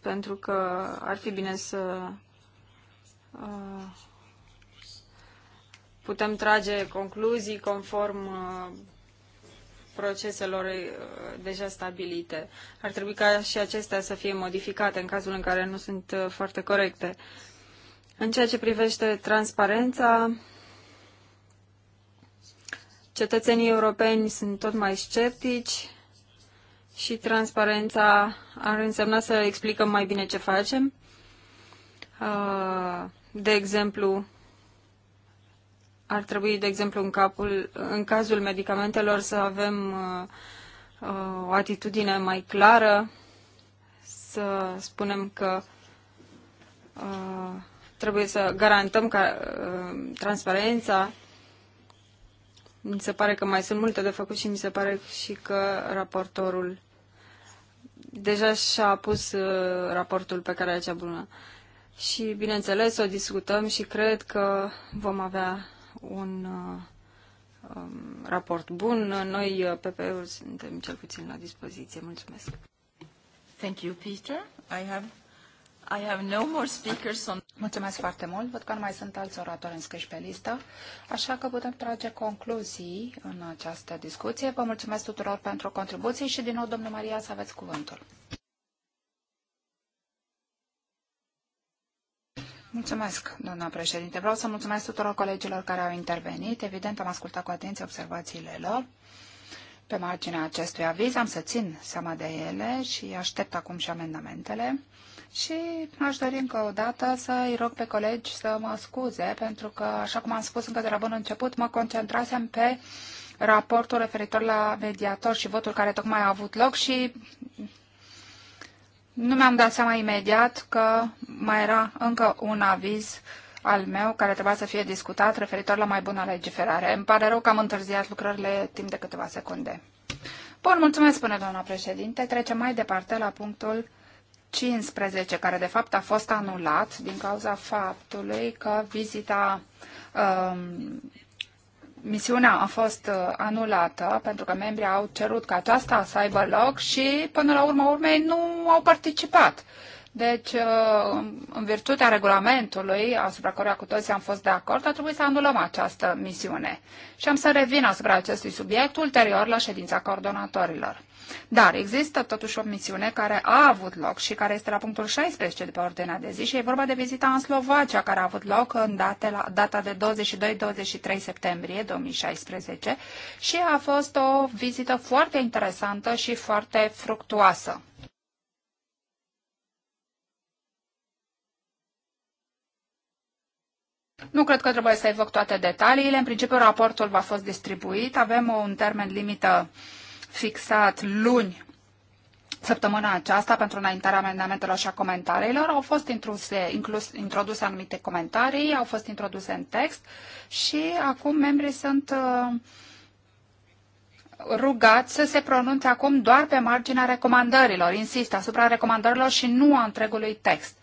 pentru că ar fi bine să uh, putem trage concluzii conform uh, proceselor uh, deja stabilite. Ar trebui ca și acestea să fie modificate în cazul în care nu sunt foarte corecte. În ceea ce privește transparența, cetățenii europeni sunt tot mai sceptici și transparența ar însemna să explicăm mai bine ce facem. Uh, de exemplu, ar trebui, de exemplu, în, capul, în cazul medicamentelor să avem uh, uh, o atitudine mai clară, să spunem că trebuie să garantăm ca, transparența. Mi se pare că mai sunt multe de făcut și mi se pare și că raportorul deja și-a pus uh, raportul pe care cea bună. Și, bineînțeles, o discutăm și cred că vom avea un uh, um, raport bun. Noi, uh, PPE-ul, suntem cel puțin la dispoziție. Mulțumesc. Thank you, Peter. I have I have no more speakers on... Mulțumesc foarte mult. Văd că nu mai sunt alți oratori înscriși pe listă, așa că putem trage concluzii în această discuție. Vă mulțumesc tuturor pentru contribuții și din nou, domnul Maria, să aveți cuvântul. Mulțumesc, doamna președinte. Vreau să mulțumesc tuturor colegilor care au intervenit. Evident, am ascultat cu atenție observațiile lor. Pe marginea acestui aviz am să țin seama de ele și aștept acum și amendamentele. Și aș dori încă o dată să-i rog pe colegi să mă scuze, pentru că, așa cum am spus încă de la bun început, mă concentrasem pe raportul referitor la mediator și votul care tocmai a avut loc și nu mi-am dat seama imediat că mai era încă un aviz al meu care trebuia să fie discutat referitor la mai bună legiferare. Îmi pare rău că am întârziat lucrările timp de câteva secunde. Bun, mulțumesc, spune doamna președinte. Trecem mai departe la punctul 15, care de fapt a fost anulat din cauza faptului că vizita, uh, misiunea a fost uh, anulată pentru că membrii au cerut ca aceasta să aibă loc și până la urma urmei nu au participat. Deci, uh, în virtutea regulamentului asupra căruia cu toții am fost de acord, a trebuit să anulăm această misiune. Și am să revin asupra acestui subiect ulterior la ședința coordonatorilor. Dar există totuși o misiune care a avut loc și care este la punctul 16 de pe ordinea de zi și e vorba de vizita în Slovacia care a avut loc în date la, data de 22-23 septembrie 2016 și a fost o vizită foarte interesantă și foarte fructuoasă. Nu cred că trebuie să evoc toate detaliile. În principiu, raportul va fost distribuit. Avem un termen limită uh, fixat luni Săptămâna aceasta, pentru înaintarea amendamentelor și a comentariilor, au fost intruse, inclus, introduse anumite comentarii, au fost introduse în text și acum membrii sunt uh, rugați să se pronunțe acum doar pe marginea recomandărilor, insist, asupra recomandărilor și nu a întregului text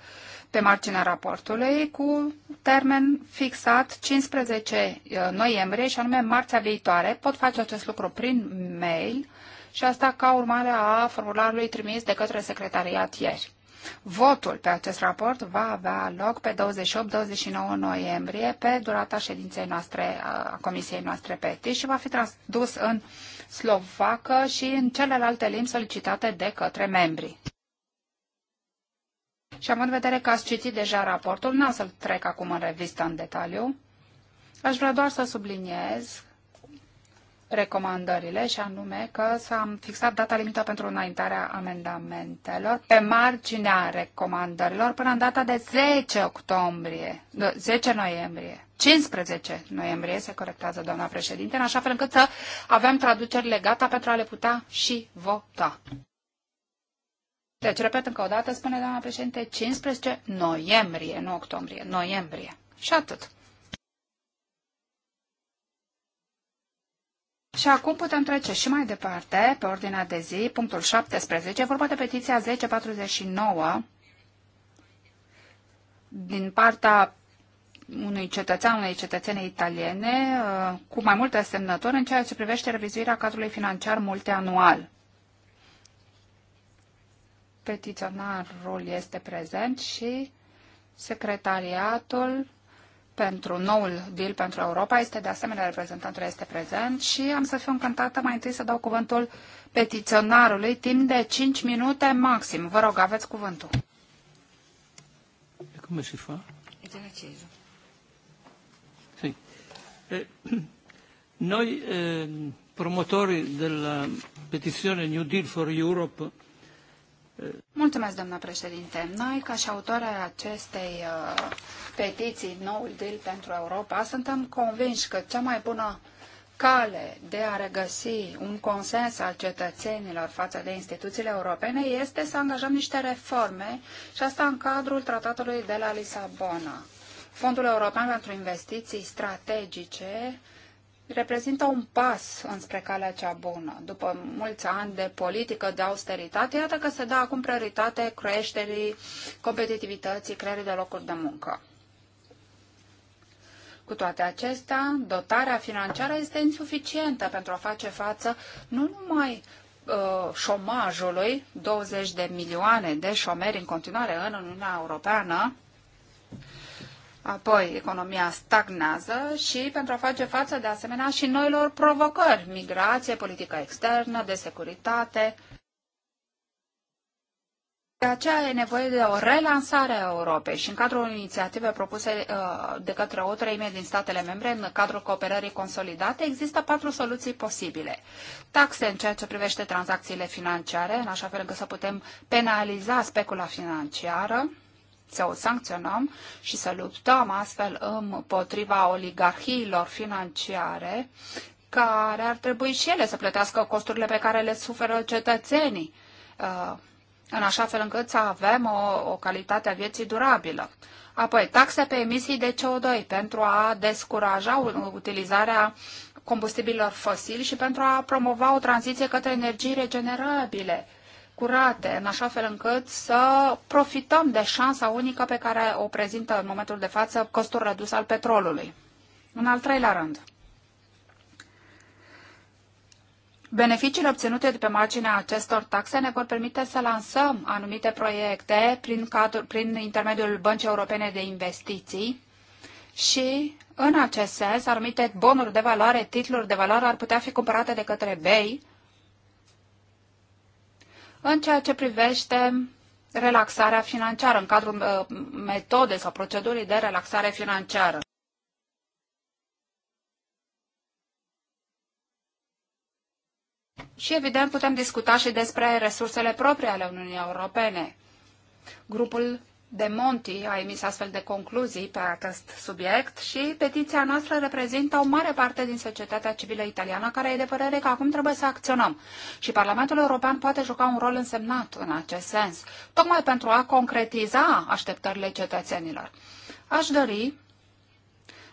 pe marginea raportului cu termen fixat 15 uh, noiembrie și anume marțea viitoare. Pot face acest lucru prin mail și asta ca urmare a formularului trimis de către secretariat ieri. Votul pe acest raport va avea loc pe 28-29 noiembrie, pe durata ședinței noastre, a comisiei noastre PETI și va fi transdus în slovacă și în celelalte limbi solicitate de către membri. Și am în vedere că ați citit deja raportul, n-am să-l trec acum în revistă în detaliu. Aș vrea doar să subliniez recomandările și anume că s-a fixat data limită pentru înaintarea amendamentelor pe marginea recomandărilor până în data de 10 octombrie, 10 noiembrie, 15 noiembrie, se corectează doamna președinte, în așa fel încât să avem traducerile gata pentru a le putea și vota. Deci, repet încă o dată, spune doamna președinte, 15 noiembrie, nu octombrie, noiembrie. Și atât. Și acum putem trece și mai departe, pe ordinea de zi, punctul 17, vorba de petiția 1049 din partea unui cetățean, unei cetățene italiene, uh, cu mai multe semnături în ceea ce privește revizuirea cadrului financiar multianual. Petiționarul este prezent și secretariatul pentru noul deal pentru Europa este de asemenea reprezentantul este prezent și am să fiu încântată mai întâi să dau cuvântul petiționarului timp de 5 minute maxim. Vă rog, aveți cuvântul. cum se face? E eh, de la noi eh, promotori della petizione New Deal for Europe Mulțumesc, doamna președinte. Noi, ca și autori acestei uh, petiții, noul deal pentru Europa, suntem convinși că cea mai bună cale de a regăsi un consens al cetățenilor față de instituțiile europene este să angajăm niște reforme și asta în cadrul tratatului de la Lisabona. Fondul European pentru Investiții Strategice reprezintă un pas înspre calea cea bună. După mulți ani de politică de austeritate, iată că se dă acum prioritate creșterii competitivității, creării de locuri de muncă. Cu toate acestea, dotarea financiară este insuficientă pentru a face față nu numai uh, șomajului, 20 de milioane de șomeri în continuare în Uniunea Europeană, Apoi, economia stagnează și pentru a face față de asemenea și noilor provocări, migrație, politică externă, de securitate. De aceea e nevoie de o relansare a Europei și în cadrul inițiative propuse uh, de către o treime din statele membre, în cadrul cooperării consolidate, există patru soluții posibile. Taxe în ceea ce privește tranzacțiile financiare, în așa fel încât să putem penaliza specula financiară, să o sancționăm și să luptăm astfel împotriva oligarhiilor financiare care ar trebui și ele să plătească costurile pe care le suferă cetățenii, uh, în așa fel încât să avem o, o calitate a vieții durabilă. Apoi, taxe pe emisii de CO2 pentru a descuraja utilizarea combustibilor fosili și pentru a promova o tranziție către energii regenerabile curate, în așa fel încât să profităm de șansa unică pe care o prezintă în momentul de față costul redus al petrolului. În al treilea rând, Beneficiile obținute de pe marginea acestor taxe ne vor permite să lansăm anumite proiecte prin, cadru, prin intermediul Băncii Europene de Investiții și, în acest sens, anumite bonuri de valoare, titluri de valoare ar putea fi cumpărate de către BEI în ceea ce privește relaxarea financiară, în cadrul uh, metodei sau procedurii de relaxare financiară. Și evident putem discuta și despre resursele proprii ale Uniunii Europene. Grupul de Monti a emis astfel de concluzii pe acest subiect și petiția noastră reprezintă o mare parte din societatea civilă italiană care e de părere că acum trebuie să acționăm și Parlamentul European poate juca un rol însemnat în acest sens, tocmai pentru a concretiza așteptările cetățenilor. Aș dori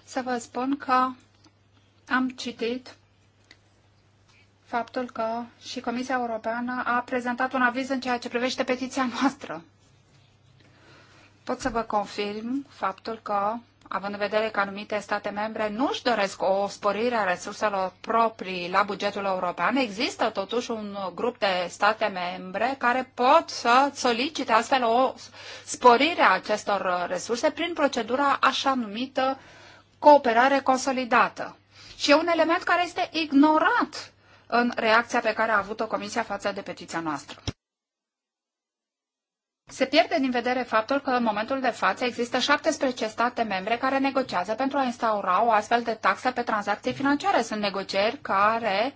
să vă spun că am citit faptul că și Comisia Europeană a prezentat un aviz în ceea ce privește petiția noastră pot să vă confirm faptul că, având în vedere că anumite state membre nu își doresc o sporire a resurselor proprii la bugetul european, există totuși un grup de state membre care pot să solicite astfel o sporire a acestor resurse prin procedura așa numită cooperare consolidată. Și e un element care este ignorat în reacția pe care a avut-o Comisia față de petiția noastră se pierde din vedere faptul că în momentul de față există 17 state membre care negociază pentru a instaura o astfel de taxă pe tranzacții financiare. Sunt negocieri care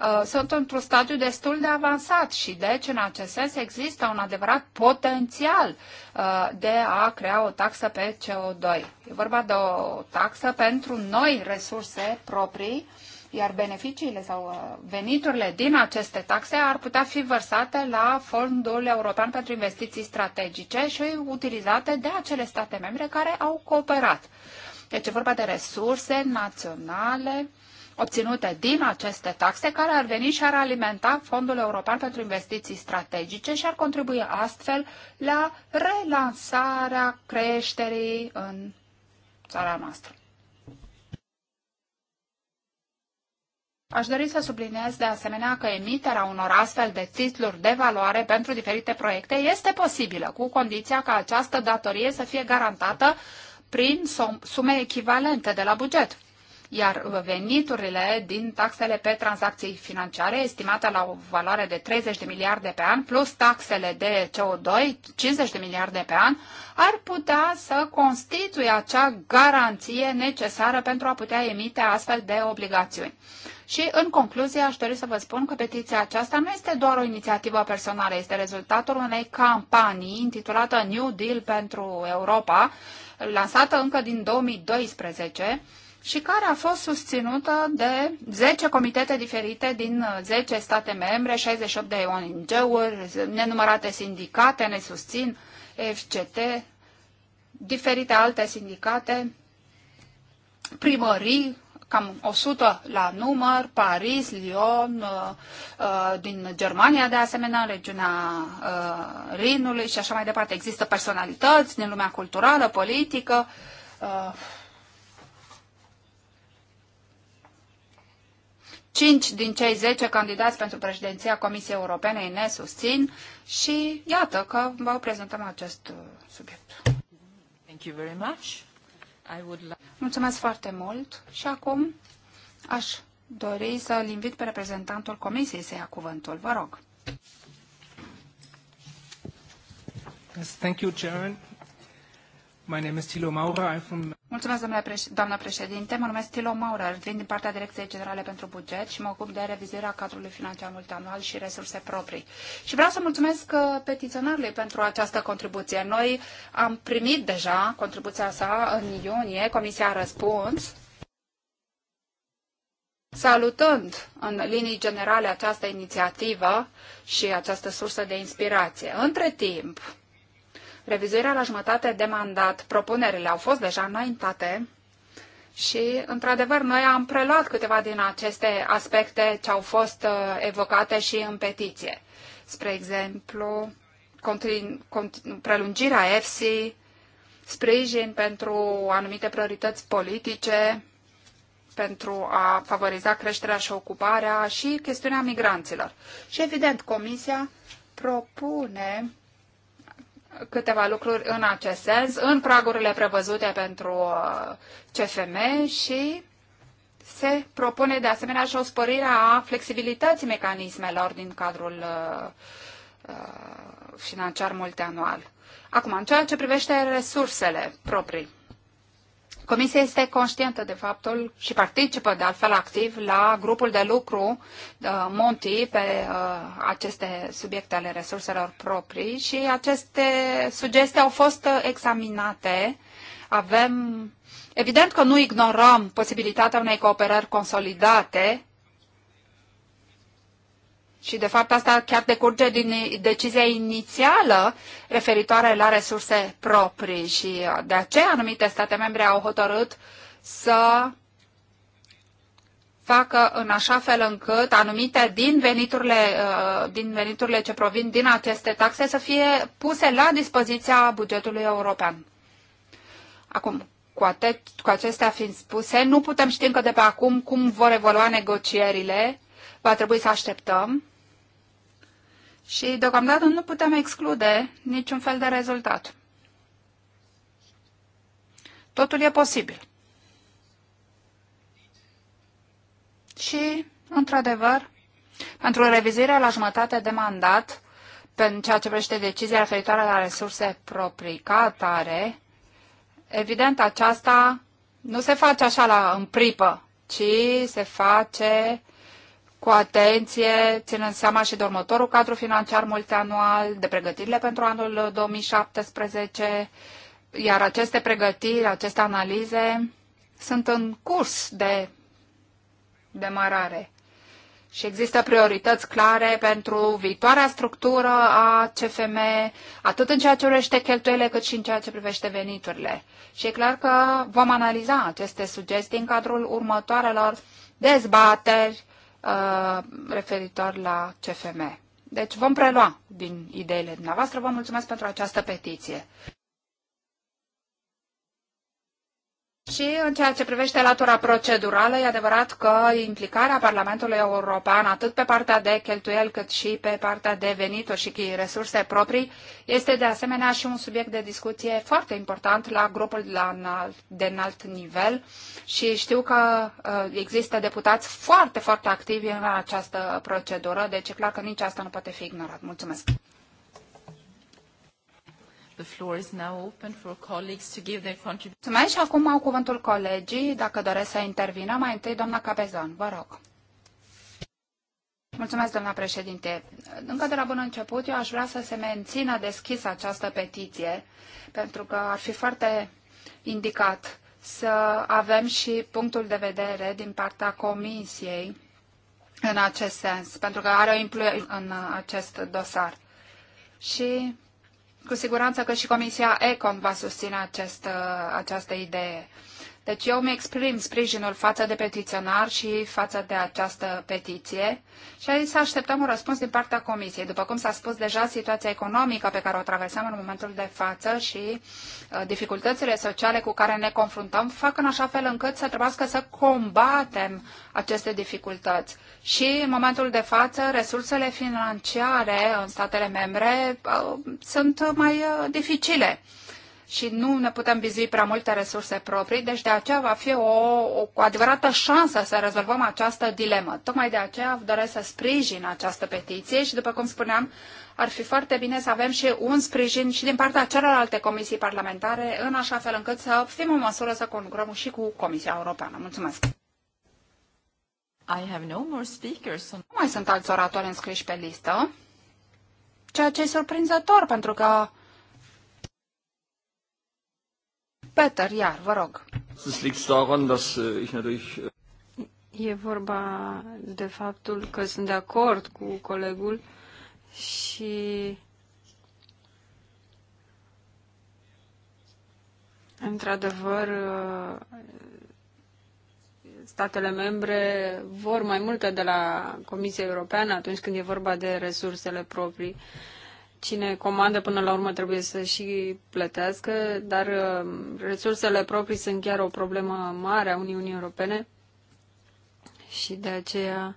uh, sunt într-un stadiu destul de avansat și deci în acest sens există un adevărat potențial uh, de a crea o taxă pe CO2. E vorba de o taxă pentru noi resurse proprii iar beneficiile sau uh, veniturile din aceste taxe ar putea fi vărsate la Fondul European pentru Investiții Strategice și utilizate de acele state membre care au cooperat. Deci e vorba de resurse naționale obținute din aceste taxe care ar veni și ar alimenta Fondul European pentru Investiții Strategice și ar contribui astfel la relansarea creșterii în țara noastră. Aș dori să subliniez de asemenea că emiterea unor astfel de titluri de valoare pentru diferite proiecte este posibilă, cu condiția ca această datorie să fie garantată prin sume echivalente de la buget iar veniturile din taxele pe tranzacții financiare, estimate la o valoare de 30 de miliarde pe an, plus taxele de CO2, 50 de miliarde pe an, ar putea să constituie acea garanție necesară pentru a putea emite astfel de obligațiuni. Și, în concluzie, aș dori să vă spun că petiția aceasta nu este doar o inițiativă personală, este rezultatul unei campanii intitulată New Deal pentru Europa, lansată încă din 2012, și care a fost susținută de 10 comitete diferite din 10 uh, state membre, 68 de ONG-uri, nenumărate sindicate ne susțin, FCT, diferite alte sindicate, primării, cam 100 la număr, Paris, Lyon, uh, uh, din Germania de asemenea, în regiunea Rinului și așa mai departe. Există personalități din lumea culturală, politică, Cinci din cei 10 candidați pentru președinția Comisiei Europene ne susțin și iată că vă prezentăm acest uh, subiect. Thank you very much. I would like... Mulțumesc foarte mult și acum aș dori să-l invit pe reprezentantul Comisiei să ia cuvântul. Vă rog. thank you, Chairman. My name is Maurer. I'm from... Mulțumesc, domnule doamnă președinte. Mă numesc Tilo Maurer. Vin din partea Direcției Generale pentru Buget și mă ocup de revizuirea cadrului financiar multianual și resurse proprii. Și vreau să mulțumesc uh, petiționarului pentru această contribuție. Noi am primit deja contribuția sa în iunie. Comisia a răspuns salutând în linii generale această inițiativă și această sursă de inspirație. Între timp, revizuirea la jumătate de mandat, propunerile au fost deja înaintate și, într-adevăr, noi am preluat câteva din aceste aspecte ce au fost uh, evocate și în petiție. Spre exemplu, prelungirea EFSI, sprijin pentru anumite priorități politice, pentru a favoriza creșterea și ocuparea și chestiunea migranților. Și evident, Comisia propune câteva lucruri în acest sens, în pragurile prevăzute pentru uh, CFM și se propune de asemenea și o spărire a flexibilității mecanismelor din cadrul uh, uh, financiar multianual. Acum, în ceea ce privește resursele proprii, Comisia este conștientă de faptul și participă de altfel activ la grupul de lucru uh, Monti pe uh, aceste subiecte ale resurselor proprii și aceste sugestii au fost uh, examinate. Avem, evident că nu ignorăm posibilitatea unei cooperări consolidate și de fapt asta chiar decurge din decizia inițială referitoare la resurse proprii și uh, de aceea anumite state membre au hotărât să facă în așa fel încât anumite din veniturile, uh, din veniturile ce provin din aceste taxe să fie puse la dispoziția bugetului european. Acum, cu, atât, cu acestea fiind spuse, nu putem ști încă de pe acum cum vor evolua negocierile. Va trebui să așteptăm și deocamdată nu putem exclude niciun fel de rezultat. Totul e posibil. Și, într-adevăr, pentru revizuirea la jumătate de mandat, în ceea ce privește decizia referitoare la resurse proprii ca atare, evident aceasta nu se face așa la împripă, ci se face cu atenție, ținând seama și de următorul cadru financiar multianual, de pregătirile pentru anul 2017, iar aceste pregătiri, aceste analize sunt în curs de demarare. Și există priorități clare pentru viitoarea structură a CFM, atât în ceea ce urește cheltuiele, cât și în ceea ce privește veniturile. Și e clar că vom analiza aceste sugestii în cadrul următoarelor dezbateri Uh, referitor la CFM. Deci vom prelua din ideile dumneavoastră. Vă mulțumesc pentru această petiție. Și în ceea ce privește latura procedurală, e adevărat că implicarea Parlamentului European, atât pe partea de cheltuieli, cât și pe partea de venituri și resurse proprii, este de asemenea și un subiect de discuție foarte important la grupul de înalt nivel și știu că uh, există deputați foarte, foarte activi în această procedură, deci e clar că nici asta nu poate fi ignorat. Mulțumesc! The floor is now open for colleagues to give their contribution. Mulțumesc și acum au cuvântul colegii, dacă doresc să intervină. Mai întâi, doamna Cabezon, vă rog. Mulțumesc, doamna președinte. Încă de la bun început, eu aș vrea să se mențină deschisă această petiție, pentru că ar fi foarte indicat să avem și punctul de vedere din partea Comisiei în acest sens, pentru că are o influență în acest dosar. Și cu siguranță că și Comisia Econ va susține acest, această idee. Deci eu mi-exprim sprijinul față de petiționar și față de această petiție și aici să așteptăm un răspuns din partea Comisiei. După cum s-a spus deja, situația economică pe care o traversăm în momentul de față și uh, dificultățile sociale cu care ne confruntăm fac în așa fel încât să trebuiască să combatem aceste dificultăți. Și în momentul de față, resursele financiare în statele membre uh, sunt mai uh, dificile și nu ne putem bizui prea multe resurse proprii, deci de aceea va fi o, o adevărată șansă să rezolvăm această dilemă. Tocmai de aceea doresc să sprijin această petiție și, după cum spuneam, ar fi foarte bine să avem și un sprijin și din partea celorlalte comisii parlamentare, în așa fel încât să fim în măsură să concurăm și cu Comisia Europeană. Mulțumesc! I have no more speakers. Nu mai sunt alți oratori înscriși pe listă, ceea ce e surprinzător, pentru că Peter, iar, vă rog. Äh, äh, e vorba de faptul că sunt de acord cu colegul și într-adevăr uh, statele membre vor mai multe de la Comisia Europeană atunci când e vorba de resursele proprii. Uh, cine comandă până la urmă trebuie să și plătească, dar uh, resursele proprii sunt chiar o problemă mare a Uniunii Europene și de aceea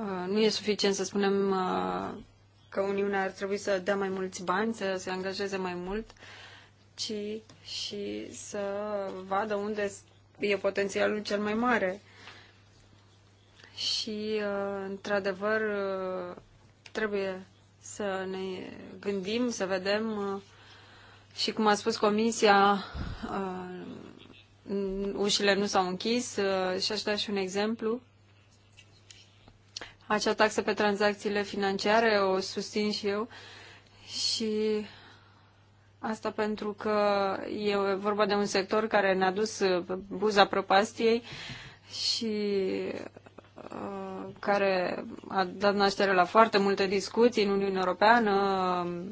uh, nu e suficient să spunem uh, că Uniunea ar trebui să dea mai mulți bani, să se angajeze mai mult, ci și să vadă unde e potențialul cel mai mare. Și, într-adevăr, trebuie să ne gândim, să vedem uh, și cum a spus comisia, uh, ușile nu s-au închis uh, și aș da și un exemplu. Acea taxă pe tranzacțiile financiare o susțin și eu și Asta pentru că e vorba de un sector care ne-a dus buza propastiei și Uh, care a dat naștere la foarte multe discuții în Uniunea Europeană um,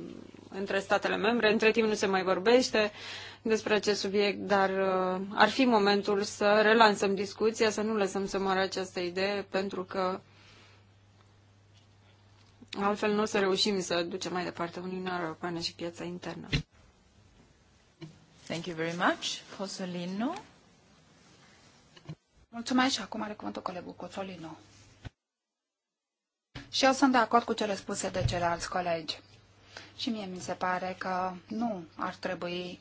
între statele membre. Între timp nu se mai vorbește despre acest subiect, dar uh, ar fi momentul să relansăm discuția, să nu lăsăm să moară această idee, pentru că altfel nu o să reușim să ducem mai departe Uniunea Europeană și piața internă. Thank you very much, José Mulțumesc și acum are cuvântul colegul Coțolino. Și eu sunt de acord cu cele spuse de ceilalți colegi. Și mie mi se pare că nu ar trebui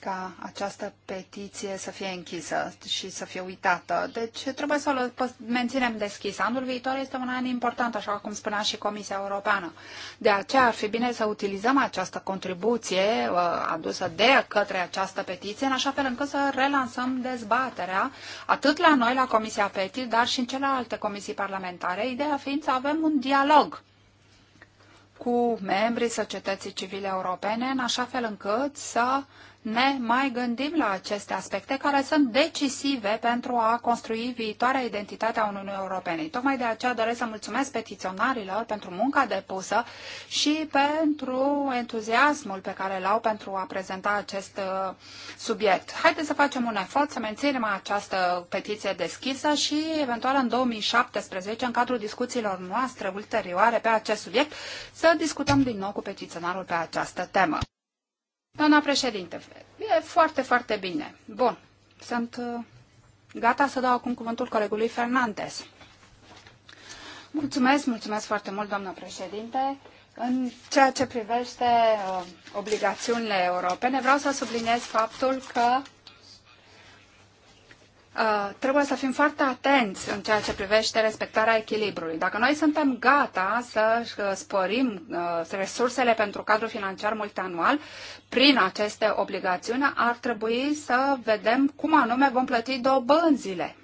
ca această petiție să fie închisă și să fie uitată. Deci trebuie să o menținem deschisă. Anul viitor este un an important, așa cum spunea și Comisia Europeană. De aceea ar fi bine să utilizăm această contribuție uh, adusă de către această petiție, în așa fel încât să relansăm dezbaterea atât la noi, la Comisia PETI, dar și în celelalte comisii parlamentare, ideea fiind să avem un dialog cu membrii societății civile europene, în așa fel încât să uh, ne mai gândim la aceste aspecte care sunt decisive pentru a construi viitoarea identitate a Uniunii Europene. Tocmai de aceea doresc să mulțumesc petiționarilor pentru munca depusă și pentru entuziasmul pe care l-au pentru a prezenta acest uh, subiect. Haideți să facem un efort să menținem această petiție deschisă și eventual în 2017, în cadrul discuțiilor noastre ulterioare pe acest subiect, să discutăm din nou cu petiționarul pe această temă. Doamna președinte, e foarte, foarte bine. Bun, sunt uh, gata să dau acum cuvântul colegului Fernandez. Mulțumesc, mulțumesc foarte mult, doamna președinte. În ceea ce privește uh, obligațiunile europene, vreau să subliniez faptul că Uh, trebuie să fim foarte atenți în ceea ce privește respectarea echilibrului. Dacă noi suntem gata să uh, sporim uh, resursele pentru cadrul financiar multianual prin aceste obligațiuni, ar trebui să vedem cum anume vom plăti dobânzile.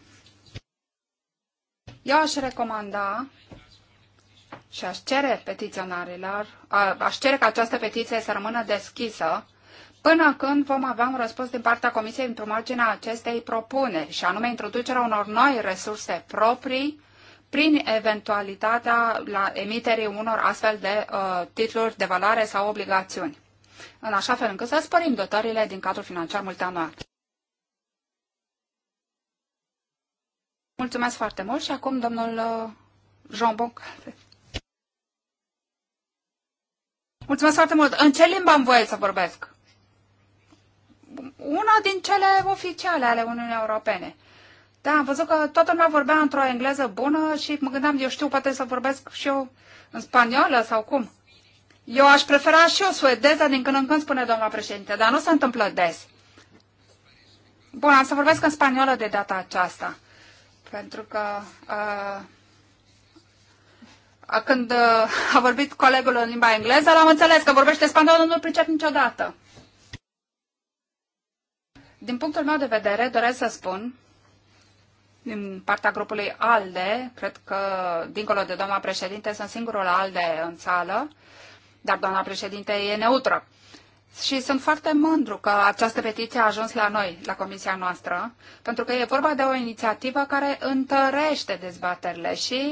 Eu aș recomanda și aș cere petiționarilor, aș cere ca această petiție să rămână deschisă până când vom avea un răspuns din partea Comisiei într-o marginea acestei propuneri, și anume introducerea unor noi resurse proprii prin eventualitatea la emiterii unor astfel de uh, titluri de valoare sau obligațiuni, în așa fel încât să spărim dotările din cadrul financiar multianual. Mulțumesc foarte mult și acum domnul uh, Jean Bonc. Mulțumesc foarte mult. În ce limbă am voie să vorbesc? una din cele oficiale ale Uniunii Europene. Da, am văzut că toată lumea vorbea într-o engleză bună și mă gândeam, eu știu, poate să vorbesc și eu în spaniolă sau cum. Eu aș prefera și eu suedeză din când în când, spune doamna președinte, dar nu se întâmplă des. Bun, am să vorbesc în spaniolă de data aceasta, pentru că uh, când uh, a vorbit colegul în limba engleză, l-am înțeles că vorbește spaniolă, nu pricep niciodată. Din punctul meu de vedere, doresc să spun, din partea grupului ALDE, cred că, dincolo de doamna președinte, sunt singurul ALDE în sală, dar doamna președinte e neutră. Și sunt foarte mândru că această petiție a ajuns la noi, la comisia noastră, pentru că e vorba de o inițiativă care întărește dezbaterile și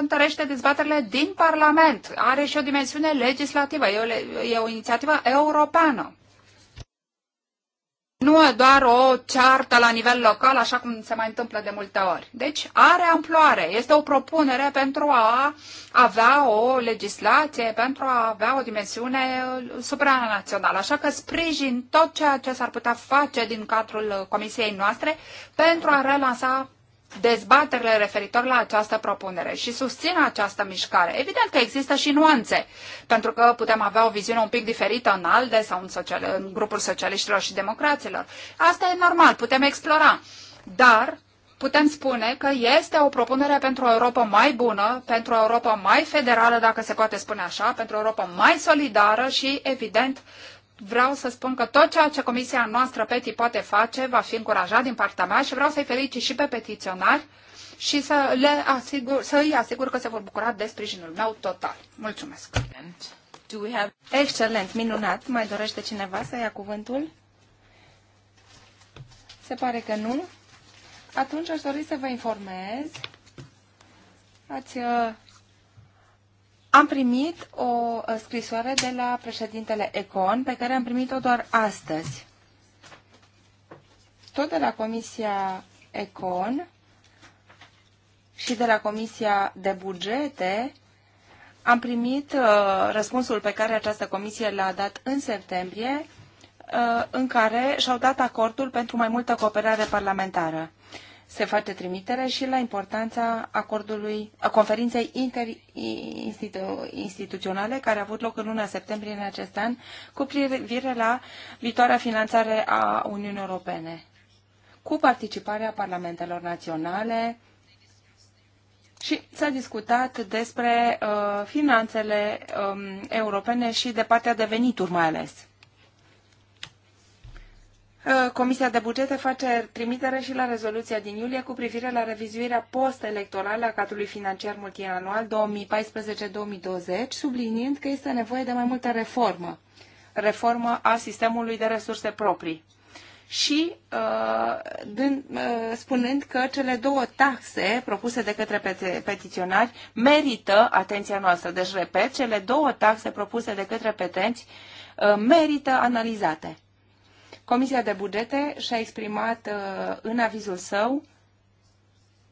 întărește dezbaterile din Parlament. Are și o dimensiune legislativă, e o, e o inițiativă europeană. Nu e doar o ceartă la nivel local, așa cum se mai întâmplă de multe ori. Deci are amploare. Este o propunere pentru a avea o legislație, pentru a avea o dimensiune supranațională. Așa că sprijin tot ceea ce s-ar putea face din cadrul comisiei noastre pentru a relansa dezbaterile referitor la această propunere și susțin această mișcare. Evident că există și nuanțe, pentru că putem avea o viziune un pic diferită în ALDE sau în, social, în grupul socialiștilor și democraților. Asta e normal, putem explora. Dar putem spune că este o propunere pentru o Europa mai bună, pentru o Europa mai federală, dacă se poate spune așa, pentru o Europa mai solidară și, evident, vreau să spun că tot ceea ce comisia noastră PETI poate face va fi încurajat din partea mea și vreau să-i felicit și pe petiționari și să, le asigur, să îi asigur că se vor bucura de sprijinul meu total. Mulțumesc! Excelent, minunat! Mai dorește cineva să ia cuvântul? Se pare că nu. Atunci aș dori să vă informez. Ați uh, am primit o uh, scrisoare de la președintele Econ, pe care am primit-o doar astăzi. Tot de la Comisia Econ și de la Comisia de Bugete am primit uh, răspunsul pe care această comisie l-a dat în septembrie, uh, în care și-au dat acordul pentru mai multă cooperare parlamentară. Uh, se face trimitere și la importanța acordului, a conferinței interinstituționale care a avut loc în luna septembrie în acest an cu privire la viitoarea finanțare a Uniunii Europene, cu participarea parlamentelor naționale și s-a discutat despre uh, finanțele um, europene și de partea de venituri mai ales. Uh, Comisia de bugete face trimitere și la rezoluția din iulie cu privire la revizuirea post-electorală a cadrului financiar multianual 2014-2020, subliniind că este nevoie de mai multă reformă, reformă a sistemului de resurse proprii și uh, dând, uh, spunând că cele două taxe propuse de către petiționari merită atenția noastră. Deci, repet, cele două taxe propuse de către petenți uh, merită analizate. Comisia de bugete și-a exprimat uh, în avizul său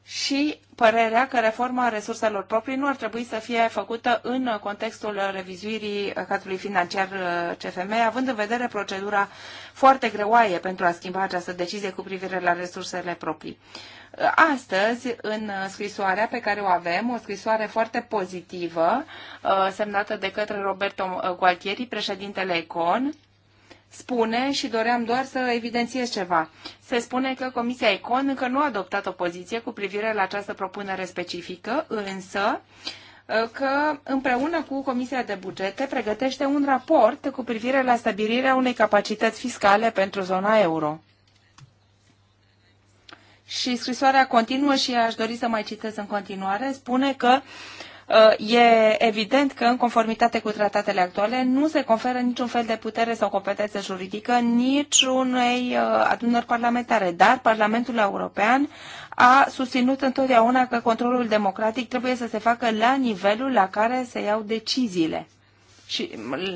și părerea că reforma resurselor proprii nu ar trebui să fie făcută în contextul revizuirii cadrului financiar uh, CFM, având în vedere procedura foarte greoaie pentru a schimba această decizie cu privire la resursele proprii. Uh, astăzi, în scrisoarea pe care o avem, o scrisoare foarte pozitivă, semnată de către Roberto Gualtieri, președintele Econ, spune și doream doar să evidențiez ceva. Se spune că Comisia Econ încă nu a adoptat o poziție cu privire la această propunere specifică, însă ă, că împreună cu Comisia de Bugete pregătește un raport cu privire la stabilirea unei capacități fiscale pentru zona euro. Și scrisoarea continuă și aș dori să mai citesc în continuare, spune că uh, Uh, e evident că, în conformitate cu tratatele actuale, nu se conferă niciun fel de putere sau competență juridică niciunei uh, adunări parlamentare, dar Parlamentul European a susținut întotdeauna că controlul democratic trebuie să se facă la nivelul la care se iau deciziile și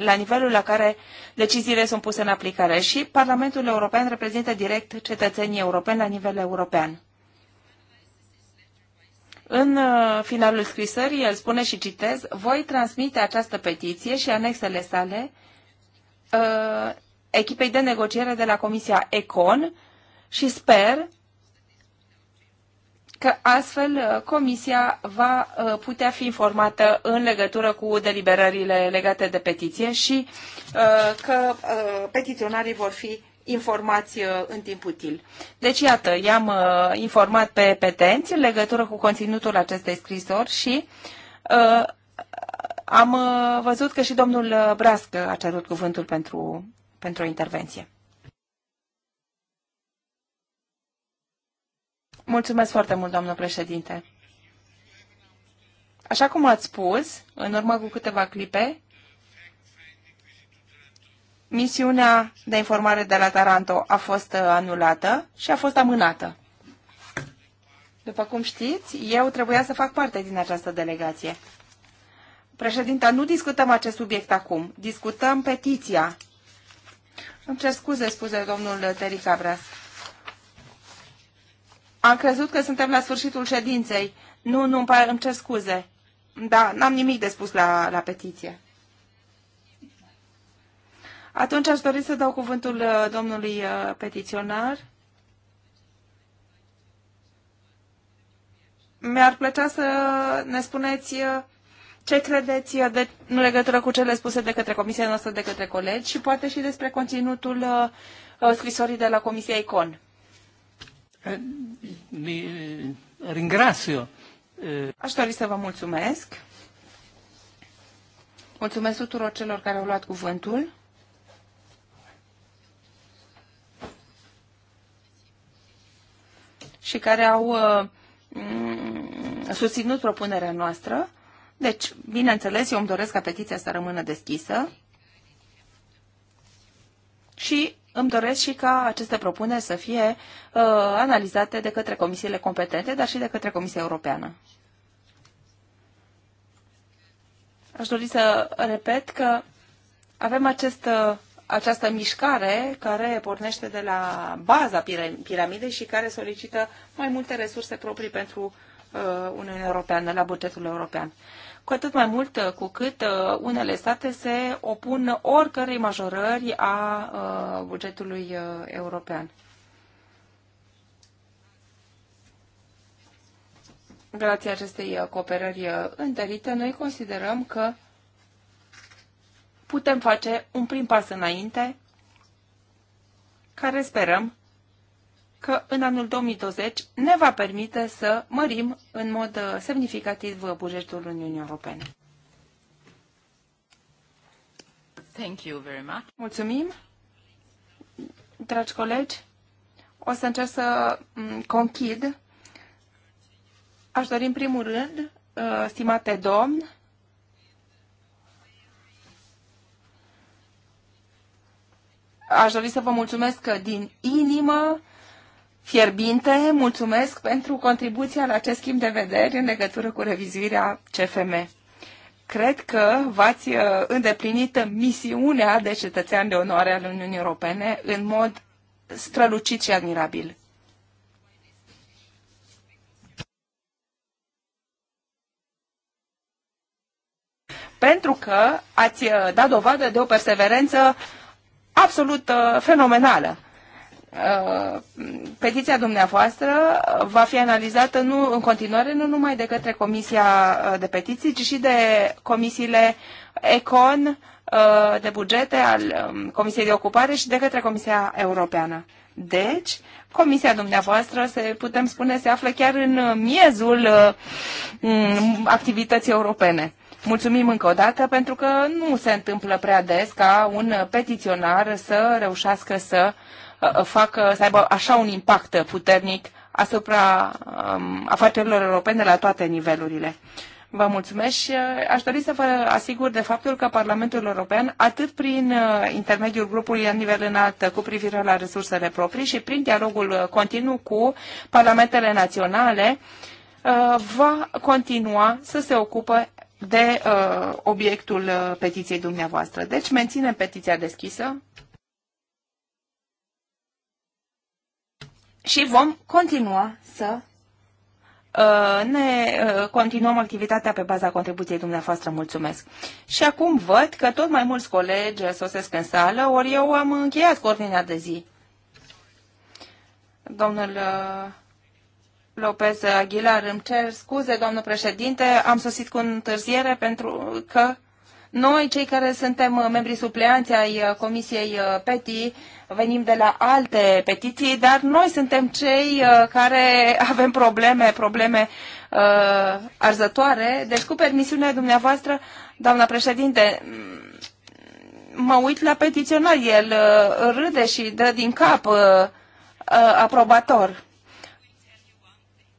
la nivelul la care deciziile sunt puse în aplicare. Și Parlamentul European reprezintă direct cetățenii europeni la nivel european. În uh, finalul scrisării, el spune și citez, voi transmite această petiție și anexele sale uh, echipei de negociere de la Comisia ECON și sper că astfel uh, Comisia va uh, putea fi informată în legătură cu deliberările legate de petiție și că petiționarii vor fi informați uh, în timp util. Deci, iată, i-am uh, informat pe petenți în legătură cu conținutul acestei scrisori și uh, am uh, văzut că și domnul Brască a cerut cuvântul pentru, pentru o intervenție. Mulțumesc foarte mult, domnul președinte. Așa cum ați spus, în urmă cu câteva clipe, misiunea de informare de la Taranto a fost uh, anulată și a fost amânată. După cum știți, eu trebuia să fac parte din această delegație. Președinta, nu discutăm acest subiect acum. Discutăm petiția. Îmi cer scuze, spuse domnul Teri Cabras. Am crezut că suntem la sfârșitul ședinței. Nu, nu, îmi cer scuze. Da, n-am nimic de spus la, la petiție. Atunci aș dori să dau cuvântul uh, domnului uh, petiționar. Mi-ar plăcea să ne spuneți uh, ce credeți de, în legătură cu cele spuse de către comisia noastră, de către colegi și poate și despre conținutul scrisorii de la Comisia ICON. Ringrazio. Aș dori să vă mulțumesc. Mulțumesc tuturor celor care au luat cuvântul. și care au uh, mm, susținut propunerea noastră. Deci, bineînțeles, eu îmi doresc ca petiția să rămână deschisă și îmi doresc și ca aceste propuneri să fie uh, analizate de către comisiile competente, dar și de către Comisia Europeană. Aș dori să repet că avem acest uh, această mișcare care pornește de la baza piramidei și care solicită mai multe resurse proprii pentru uh, Uniunea Europeană, la bugetul european. Cu atât mai mult uh, cu cât uh, unele state se opun oricărei majorări a bugetului european. Grație acestei cooperări întărite, noi considerăm că putem face un prim pas înainte, care sperăm că în anul 2020 ne va permite să mărim în mod uh, semnificativ uh, bugetul Uniunii Europene. Thank you very much. Mulțumim, dragi colegi. O să încerc să mm, conchid. Aș dori în primul rând, uh, stimate domn, Aș dori să vă mulțumesc din inimă, fierbinte, mulțumesc pentru contribuția la acest schimb de vederi în legătură cu revizuirea CFM. Cred că v-ați uh, îndeplinit misiunea de cetățean de onoare al Uniunii Europene în mod strălucit și admirabil. pentru că ați uh, dat dovadă de o perseverență absolut uh, fenomenală. Uh, petiția dumneavoastră uh, va fi analizată nu, în continuare nu numai de către Comisia uh, de Petiții, ci și de comisiile ECON, uh, de bugete al um, Comisiei de Ocupare și de către Comisia Europeană. Deci, comisia dumneavoastră, se putem spune, se află chiar în miezul uh, activității europene. Mulțumim încă o dată pentru că nu se întâmplă prea des ca un petiționar să reușească să uh, uh, facă, să aibă așa un impact puternic asupra um, afacerilor europene la toate nivelurile. Vă mulțumesc și uh, aș dori să vă asigur de faptul că Parlamentul European, atât prin intermediul grupului la nivel înalt cu privire la resursele proprii și prin dialogul continuu cu parlamentele naționale, va continua să se ocupe de uh, obiectul uh, petiției dumneavoastră. Deci menținem petiția deschisă și vom continua să uh, ne uh, continuăm activitatea pe baza contribuției dumneavoastră. Mulțumesc. Și acum văd că tot mai mulți colegi sosesc în sală, ori eu am încheiat cu ordinea de zi. Domnul uh, Lopez Aguilar, îmi cer scuze, domnul președinte, am sosit cu întârziere pentru că noi, cei care suntem membrii supleanți ai Comisiei PETI, venim de la alte petiții, dar noi suntem cei uh, care avem probleme, probleme uh, arzătoare. Deci, cu permisiunea dumneavoastră, doamna președinte, mă uit la petiționar, el uh, râde și dă din cap uh, uh, aprobator.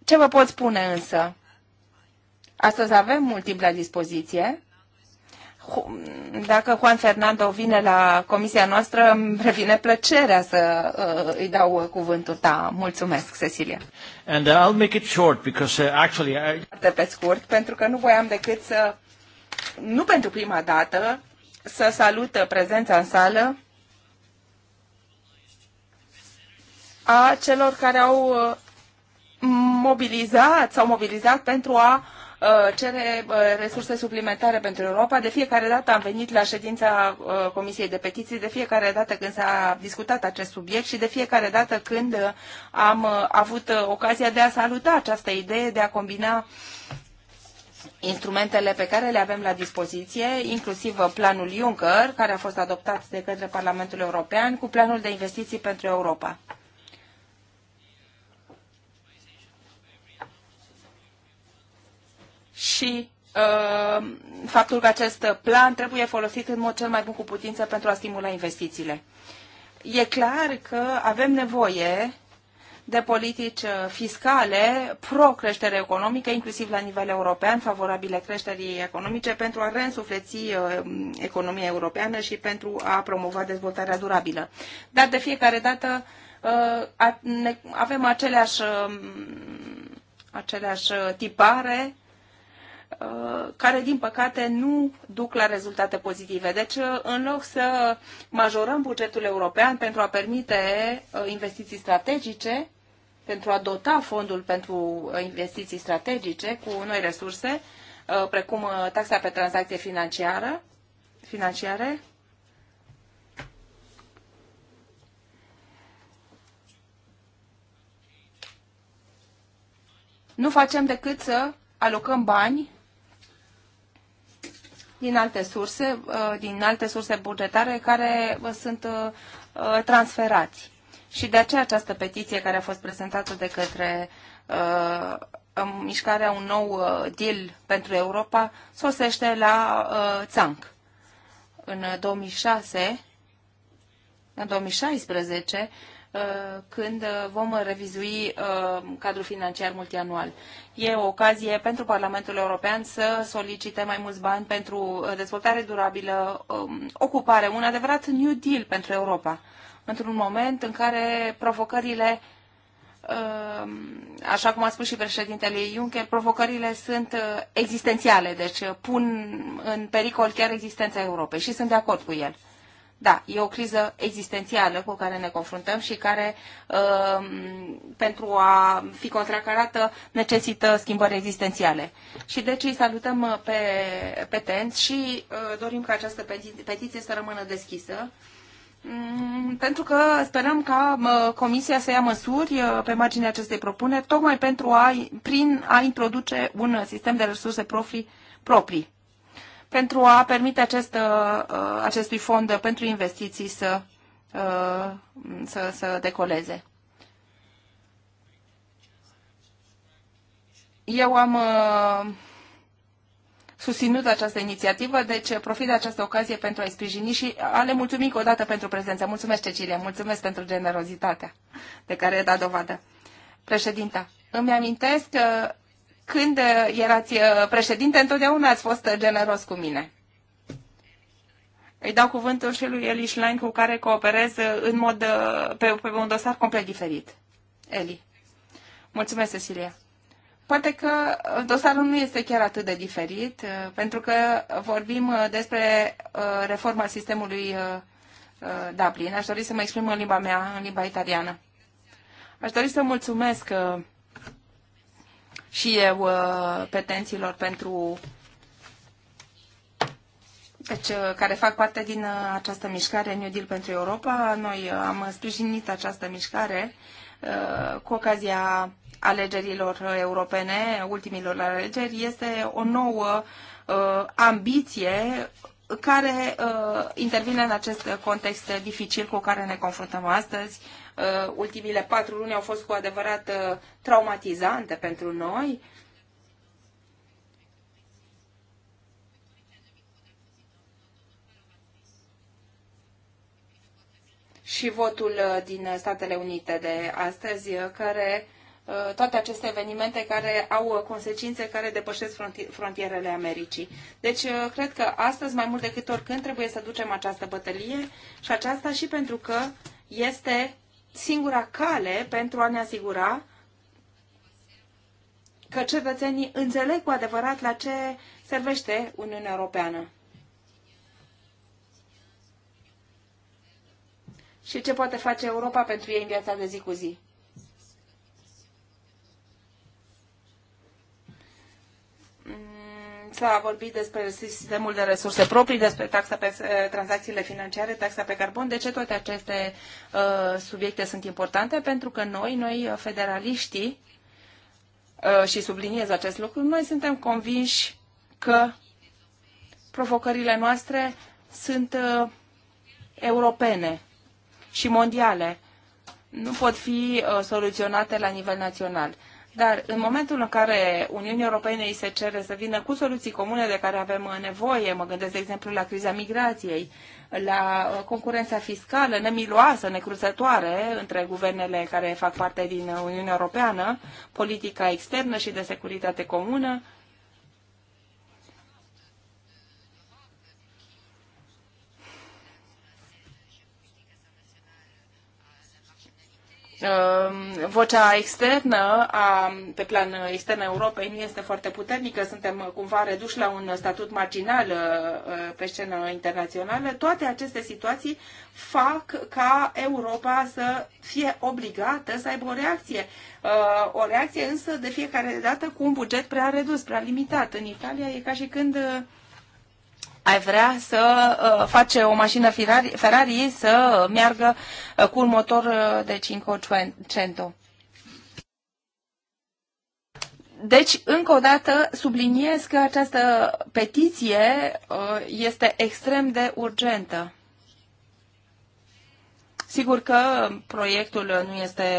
Ce vă pot spune însă? Astăzi avem mult timp la dispoziție. Dacă Juan Fernando vine la comisia noastră, îmi revine plăcerea să uh, îi dau cuvântul. ta. mulțumesc, Cecilia. And uh, I'll make it short because uh, actually I... Pe scurt, pentru că nu voiam decât să, nu pentru prima dată, să salut prezența în sală a celor care au uh, mobilizat, s-au mobilizat pentru a uh, cere uh, resurse suplimentare pentru Europa. De fiecare dată am venit la ședința uh, Comisiei de Petiții, de fiecare dată când s-a discutat acest subiect și de fiecare dată când am avut ocazia de a saluta această idee de a combina instrumentele pe care le avem la dispoziție, inclusiv planul Juncker, care a fost adoptat de către Parlamentul European, cu planul de investiții pentru Europa. și uh, faptul că acest plan trebuie folosit în mod cel mai bun cu putință pentru a stimula investițiile. E clar că avem nevoie de politici uh, fiscale pro-creștere economică, inclusiv la nivel european, favorabile creșterii economice, pentru a reînsufleți uh, economia europeană și pentru a promova dezvoltarea durabilă. Dar de fiecare dată uh, avem aceleași, um, aceleași tipare Uh, care, din păcate, nu duc la rezultate pozitive. Deci, uh, în loc să majorăm bugetul european pentru a permite uh, investiții strategice, pentru a dota fondul pentru investiții strategice cu noi resurse, precum taxa pe tranzacție financiară, financiare, nu facem decât să alocăm bani din alte surse, uh, din alte surse bugetare care uh, sunt uh, transferați. Și de aceea această petiție care a fost prezentată de către mișcarea un nou deal pentru Europa sosește la țanc. În 2006, în 2016, Uh, când uh, vom uh, revizui cadrul financiar multianual. E o ocazie pentru Parlamentul European să solicite mai mulți bani pentru dezvoltare durabilă, um, ocupare, un adevărat New Deal pentru Europa, într-un moment în care provocările um, așa cum a spus și președintele Juncker, provocările sunt existențiale, deci pun în pericol chiar existența Europei și sunt de acord cu el. Da, e o criză existențială cu care ne confruntăm și care, um, pentru a fi contracarată, necesită schimbări existențiale. Și deci îi salutăm uh, pe TENS și uh, dorim ca această petiție să rămână deschisă. Mm, pentru că sperăm ca uh, Comisia să ia măsuri pe marginea acestei propuneri, tocmai pentru a, prin a introduce un sistem de resurse proprii. proprii pentru a permite acest, uh, uh, acestui fond pentru investiții să, uh, să, să decoleze. Eu am susținut această inițiativă, deci profit de această ocazie pentru a-i sprijini și a le mulțumim o dată pentru prezență. Mulțumesc, Cecilia, mulțumesc pentru generozitatea de care e dat dovadă. Președinta, îmi amintesc că când uh, erați uh, președinte, întotdeauna ați fost uh, generos cu mine. Îi dau cuvântul și lui Eli Schlein, cu care cooperez în mod, pe, pe un dosar complet diferit. Eli. Mulțumesc, Cecilia. Poate că dosarul nu este chiar atât de diferit, pentru că vorbim despre reforma sistemului Dublin. Aș dori să mă exprim în limba mea, în limba italiană. Aș dori să mulțumesc și eu uh, petenților pentru deci, uh, care fac parte din uh, această mișcare New Deal pentru Europa. Noi am sprijinit această mișcare cu ocazia alegerilor europene, ultimilor alegeri. Este o nouă ambiție care intervine în acest context dificil cu care ne confruntăm astăzi Uh, ultimile patru luni au fost cu adevărat uh, traumatizante pentru noi. și votul uh, din Statele Unite de astăzi, care toate aceste evenimente care au consecințe care depășesc frontierele Americii. Deci, cred că astăzi, mai mult decât oricând, trebuie să ducem această bătălie și aceasta și pentru că este singura cale pentru a ne asigura că cetățenii înțeleg cu adevărat la ce servește Uniunea Europeană. Și ce poate face Europa pentru ei în viața de zi cu zi. S-a vorbit despre sistemul de resurse proprii, despre taxa pe eh, tranzacțiile financiare, taxa pe carbon. De ce toate aceste uh, subiecte sunt importante? Pentru că noi, noi eh, federaliștii, uh, și subliniez acest lucru, noi suntem convinși că provocările noastre sunt uh, europene și mondiale. Nu pot fi uh, soluționate la nivel național. Dar în momentul în care Uniunii Europene îi se cere să vină cu soluții comune de care avem nevoie, mă gândesc, de exemplu, la criza migrației, la uh, concurența fiscală nemiloasă, necruzătoare între guvernele care fac parte din Uniunea Europeană, politica externă și de securitate comună, Um, vocea externă, a, pe plan extern Europei, nu este foarte puternică, suntem cumva reduși la un statut marginal uh, uh, pe scenă internațională. Toate aceste situații fac ca Europa să fie obligată să aibă o reacție. Uh, o reacție însă de fiecare dată cu un buget prea redus, prea limitat. În Italia e ca și când ai vrea să uh, face o mașină Ferrari, Ferrari să meargă uh, cu un motor uh, de 500. Deci, încă o dată, subliniez că această petiție uh, este extrem de urgentă. Sigur că proiectul nu este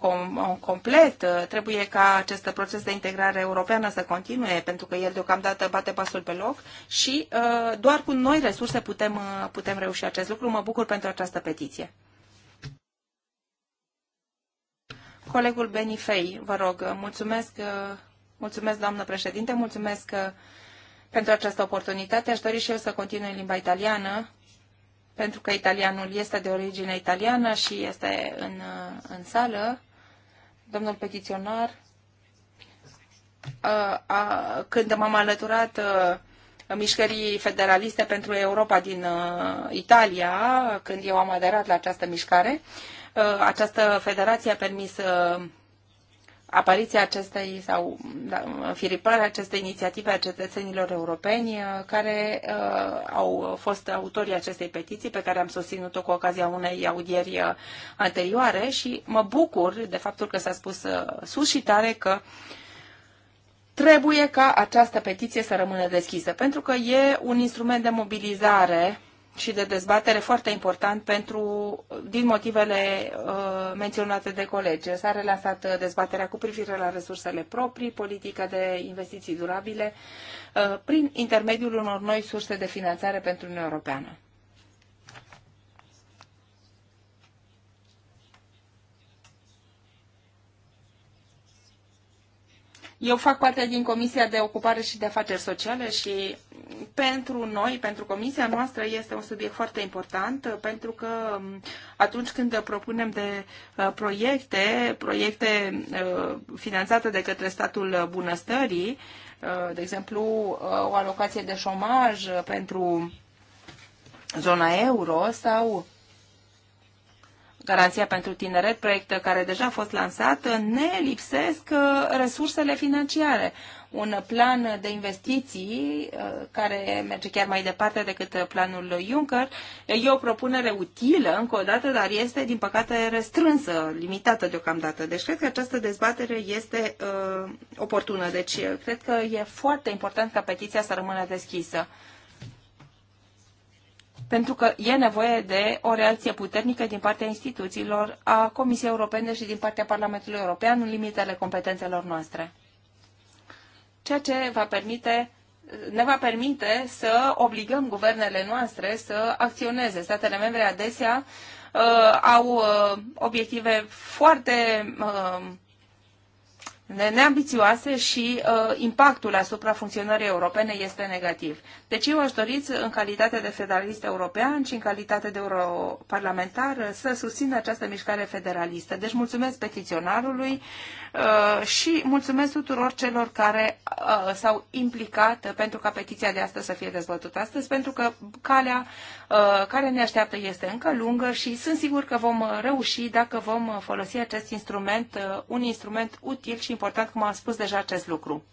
com, complet. Uh, trebuie ca acest proces de integrare europeană să continue, pentru că el deocamdată bate pasul pe loc și uh, doar cu noi resurse putem, uh, putem reuși acest lucru. Mă bucur pentru această petiție. Colegul Benifei, vă rog, mulțumesc, mulțumesc doamnă președinte, mulțumesc pentru această oportunitate. Aș dori și eu să continui în limba italiană pentru că italianul este de origine italiană și este în, în sală, domnul petiționar, a, uh, a, când m-am alăturat a, uh, mișcării federaliste pentru Europa din uh, Italia, când eu am aderat la această mișcare, această federație a permis apariția acestei sau da, înfiriparea acestei inițiative a cetățenilor europeni uh, care uh, au fost autorii acestei petiții pe care am susținut-o cu ocazia unei audieri uh, anterioare și mă bucur de faptul că s-a spus uh, sus și tare că trebuie ca această petiție să rămână deschisă, pentru că e un instrument de mobilizare uh, și de dezbatere foarte important pentru, din motivele uh, menționate de colegi. S-a relansat uh, dezbaterea cu privire la resursele proprii, politica de investiții durabile, uh, prin intermediul unor noi surse de finanțare pentru Uniunea Europeană. Eu fac parte din Comisia de Ocupare și de Afaceri Sociale și pentru noi, pentru Comisia noastră, este un subiect foarte important, uh, pentru că um, atunci când propunem de uh, proiecte, proiecte uh, finanțate de către statul bunăstării, de exemplu, o alocație de șomaj pentru zona euro sau Garanția pentru Tineret, proiect care deja a fost lansat, ne lipsesc uh, resursele financiare. Un plan de investiții uh, care merge chiar mai departe decât planul Juncker e o propunere utilă, încă o dată, dar este, din păcate, restrânsă, limitată deocamdată. Deci cred că această dezbatere este uh, oportună. Deci cred că e foarte important ca petiția să rămână deschisă pentru că e nevoie de o reacție puternică din partea instituțiilor, a Comisiei Europene și din partea Parlamentului European în limitele competențelor noastre. Ceea ce va permite ne va permite să obligăm guvernele noastre să acționeze. Statele membre adesea uh, au uh, obiective foarte uh, neambițioase și uh, impactul asupra funcționării europene este negativ. Deci eu aș dori, în calitate de federalist european și în calitate de europarlamentar, uh, să susțin această mișcare federalistă. Deci mulțumesc petiționarului uh, și mulțumesc tuturor celor care uh, s-au implicat pentru ca petiția de astăzi să fie dezbătută astăzi, pentru că calea Uh, care ne așteaptă este încă lungă și sunt sigur că vom uh, reuși dacă vom uh, folosi acest instrument, un instrument util și important, cum am spus deja acest lucru.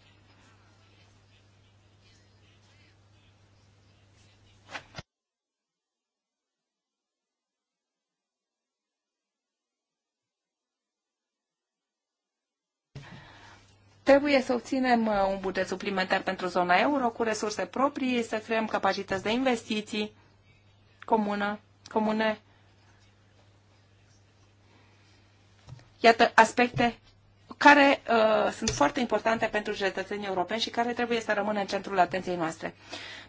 Trebuie să obținem un buget suplimentar pentru zona euro cu resurse proprii, să creăm capacități de investiții comună, comune. Iată aspecte care uh, sunt foarte importante pentru cetățenii europeni și care trebuie să rămână în centrul atenției noastre.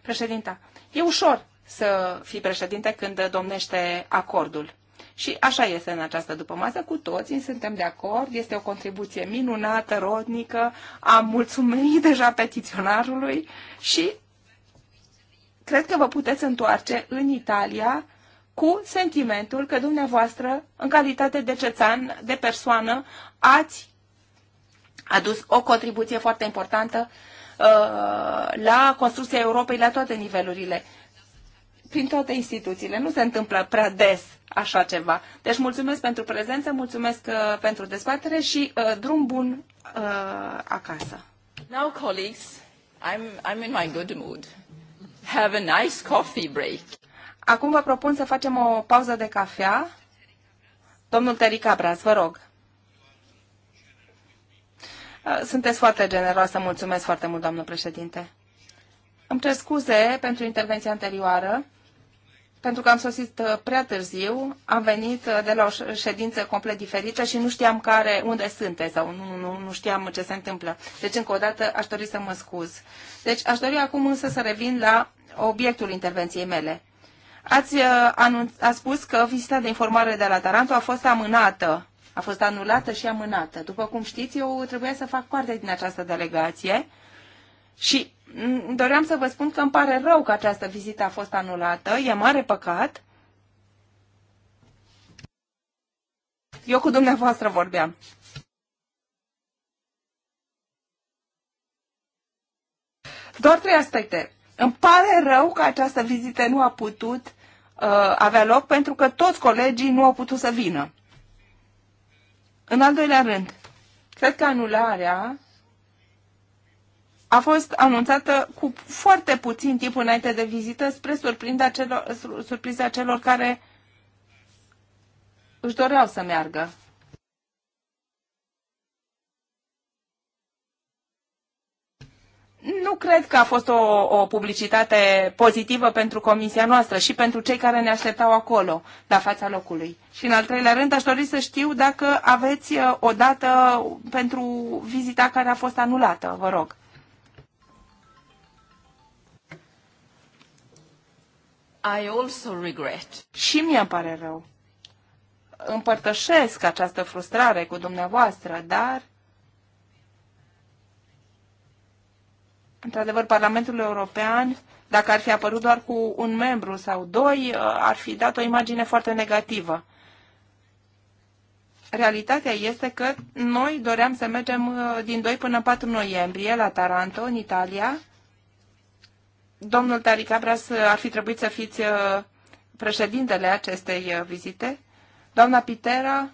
Președinta, e ușor să fii președinte când domnește acordul. Și așa este în această dupămasă, cu toții suntem de acord, este o contribuție minunată, rodnică, am mulțumit deja petiționarului și cred că vă puteți întoarce în Italia cu sentimentul că dumneavoastră, în calitate de cețan, de persoană, ați adus o contribuție foarte importantă uh, la construcția Europei la toate nivelurile, prin toate instituțiile. Nu se întâmplă prea des așa ceva. Deci mulțumesc pentru prezență, mulțumesc uh, pentru dezbatere și uh, drum bun uh, acasă. Now, colleagues, I'm, I'm in my good mood have a nice coffee break. Acum vă propun să facem o pauză de cafea. Domnul Terica Braz, vă rog. Uh, sunteți foarte generoasă, mulțumesc foarte mult, doamnă președinte. Îmi cer scuze pentru intervenția anterioară pentru că am sosit uh, prea târziu, am venit uh, de la o ședință complet diferită și nu știam care, unde sunteți sau nu, nu, nu știam ce se întâmplă. Deci, încă o dată, aș dori să mă scuz. Deci, aș dori acum însă să revin la obiectul intervenției mele. Ați uh, anunț, a spus că vizita de informare de la Taranto a fost amânată, a fost anulată și amânată. După cum știți, eu trebuia să fac parte din această delegație și doream să vă spun că îmi pare rău că această vizită a fost anulată, e mare păcat. Eu cu dumneavoastră vorbeam. Doar trei aspecte. Îmi pare rău că această vizită nu a putut uh, avea loc pentru că toți colegii nu au putut să vină. În al doilea rând, cred că anularea a fost anunțată cu foarte puțin timp înainte de vizită, spre surprinda celor, surpriza celor care își doreau să meargă. Nu cred că a fost o, o publicitate pozitivă pentru comisia noastră și pentru cei care ne așteptau acolo, la fața locului. Și în al treilea rând aș dori să știu dacă aveți uh, o dată pentru vizita care a fost anulată, vă rog. I also regret. Și mi-a pare rău. Împărtășesc această frustrare cu dumneavoastră, dar Într-adevăr, Parlamentul European, dacă ar fi apărut doar cu un membru sau doi, uh, ar fi dat o imagine foarte negativă. Realitatea este că noi doream să mergem uh, din 2 până 4 noiembrie la Taranto, în Italia, Domnul Tari Abras, ar fi trebuit să fiți uh, președintele acestei uh, vizite, doamna Pitera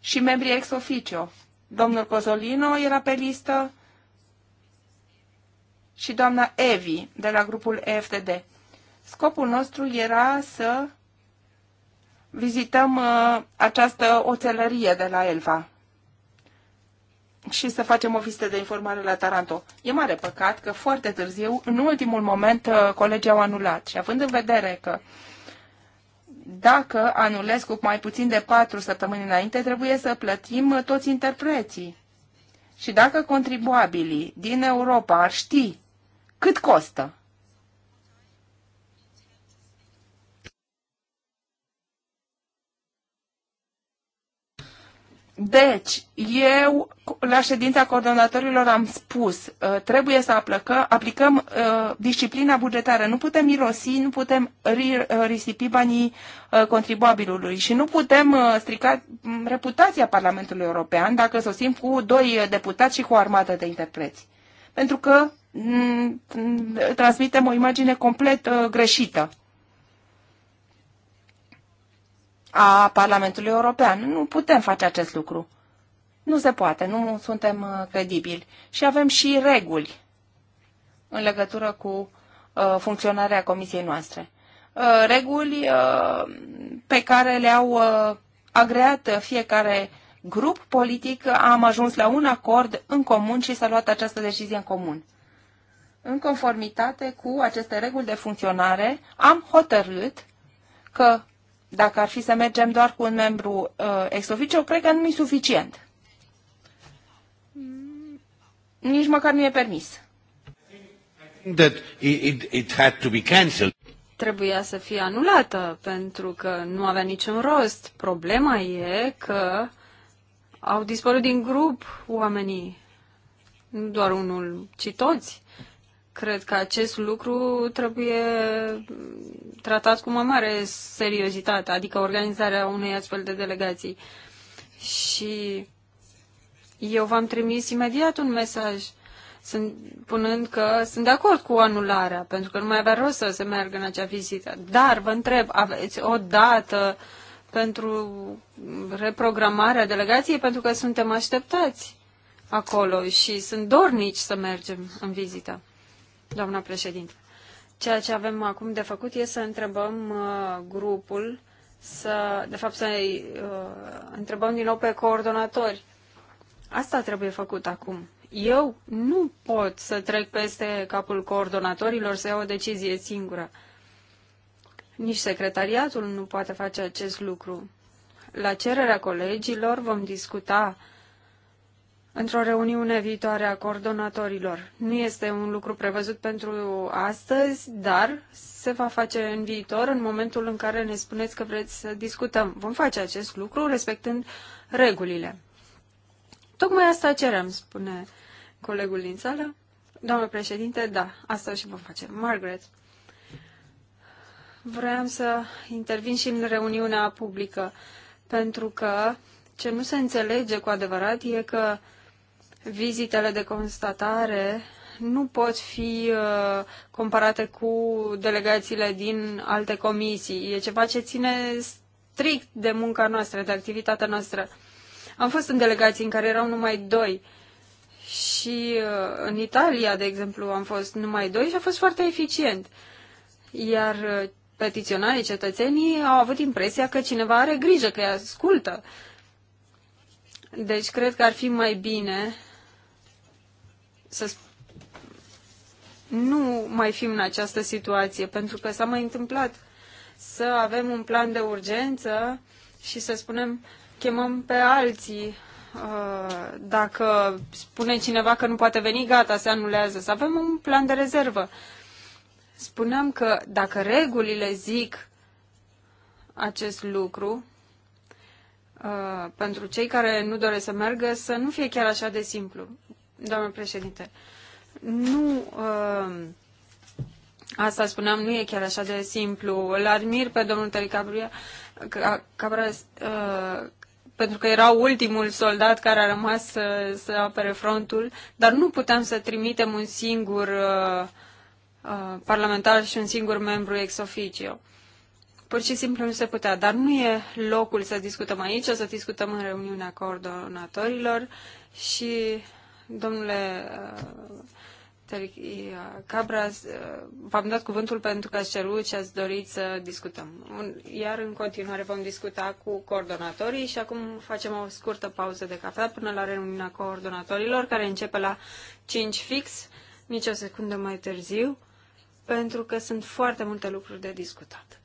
și membrii ex officio. Domnul Cozolino era pe listă și doamna Evi de la grupul EFTD. Scopul nostru era să vizităm uh, această oțelărie de la Elva și să facem o vizită de informare la Taranto. E mare păcat că foarte târziu, în ultimul moment, uh, colegii au anulat. Și având în vedere că dacă anulez cu mai puțin de patru săptămâni înainte, trebuie să plătim uh, toți interpreții. Și dacă contribuabilii din Europa ar ști cât costă Deci, eu la ședința coordonatorilor am spus, uh, trebuie să aplăcă, aplicăm uh, disciplina bugetară. Nu putem irosi, nu putem uh, risipi banii contribuabilului și nu putem strica mm, reputația Parlamentului European dacă sosim cu doi deputați și cu o armată de interpreți. Pentru că mm, mm, transmitem o imagine complet greșită. a Parlamentului European. Nu putem face acest lucru. Nu se poate, nu suntem uh, credibili. Și avem și reguli în legătură cu uh, funcționarea comisiei noastre. Uh, reguli uh, pe care le-au uh, agreat fiecare grup politic, am ajuns la un acord în comun și s-a luat această decizie în comun. În conformitate cu aceste reguli de funcționare, am hotărât că dacă ar fi să mergem doar cu un membru uh, ex officio, cred că nu e suficient. Nici măcar nu e permis. That it, it had to be Trebuia să fie anulată pentru că nu avea niciun rost. Problema e că au dispărut din grup oamenii. Nu doar unul, ci toți cred că acest lucru trebuie tratat cu o mare seriozitate, adică organizarea unei astfel de delegații. Și eu v-am trimis imediat un mesaj sunt, punând că sunt de acord cu anularea, pentru că nu mai avea rost să se meargă în acea vizită. Dar vă întreb, aveți o dată pentru reprogramarea delegației, pentru că suntem așteptați acolo și sunt dornici să mergem în vizită doamna președinte. Ceea ce avem acum de făcut este să întrebăm uh, grupul, să, de fapt să uh, întrebăm din nou pe coordonatori. Asta trebuie făcut acum. Eu nu pot să trec peste capul coordonatorilor să iau o decizie singură. Nici secretariatul nu poate face acest lucru. La cererea colegilor vom discuta uh, într-o reuniune viitoare a coordonatorilor. Nu este un lucru prevăzut pentru astăzi, dar se va face în viitor, în momentul în care ne spuneți că vreți să discutăm. Vom face acest lucru respectând regulile. Tocmai asta cerem, spune colegul din sală. Doamnă președinte, da, asta și vom face. Margaret, vreau să intervin și în reuniunea publică, pentru că ce nu se înțelege cu adevărat e că vizitele de constatare nu pot fi uh, comparate cu delegațiile din alte comisii. E ceva ce ține strict de munca noastră, de activitatea noastră. Am fost în delegații în care erau numai doi și uh, în Italia, de exemplu, am fost numai doi și a fost foarte eficient. Iar uh, petiționarii, cetățenii au avut impresia că cineva are grijă, că îi ascultă. Deci cred că ar fi mai bine să nu mai fim în această situație, pentru că s-a mai întâmplat să avem un plan de urgență și să spunem, chemăm pe alții uh, dacă spune cineva că nu poate veni, gata, se anulează. Să avem un plan de rezervă. Spuneam că dacă regulile zic acest lucru, uh, pentru cei care nu doresc să meargă, să nu fie chiar așa de simplu. Domnul președinte, nu... Uh, Asta spuneam, nu e chiar așa de simplu. Îl admir pe domnul Tăricabria, Cabras, uh, pentru că era ultimul soldat care a rămas să, să apere frontul, dar nu puteam să trimitem un singur uh, uh, parlamentar și un singur membru ex officio. Pur și simplu nu se putea, dar nu e locul să discutăm aici, o să discutăm în reuniunea coordonatorilor și Domnule uh, uh, Cabras, uh, v-am dat cuvântul pentru că ați cerut și ați dorit să discutăm. Iar în continuare vom discuta cu coordonatorii și acum facem o scurtă pauză de cafea până la reuniunea coordonatorilor, care începe la 5 fix, nici o secundă mai târziu, pentru că sunt foarte multe lucruri de discutat.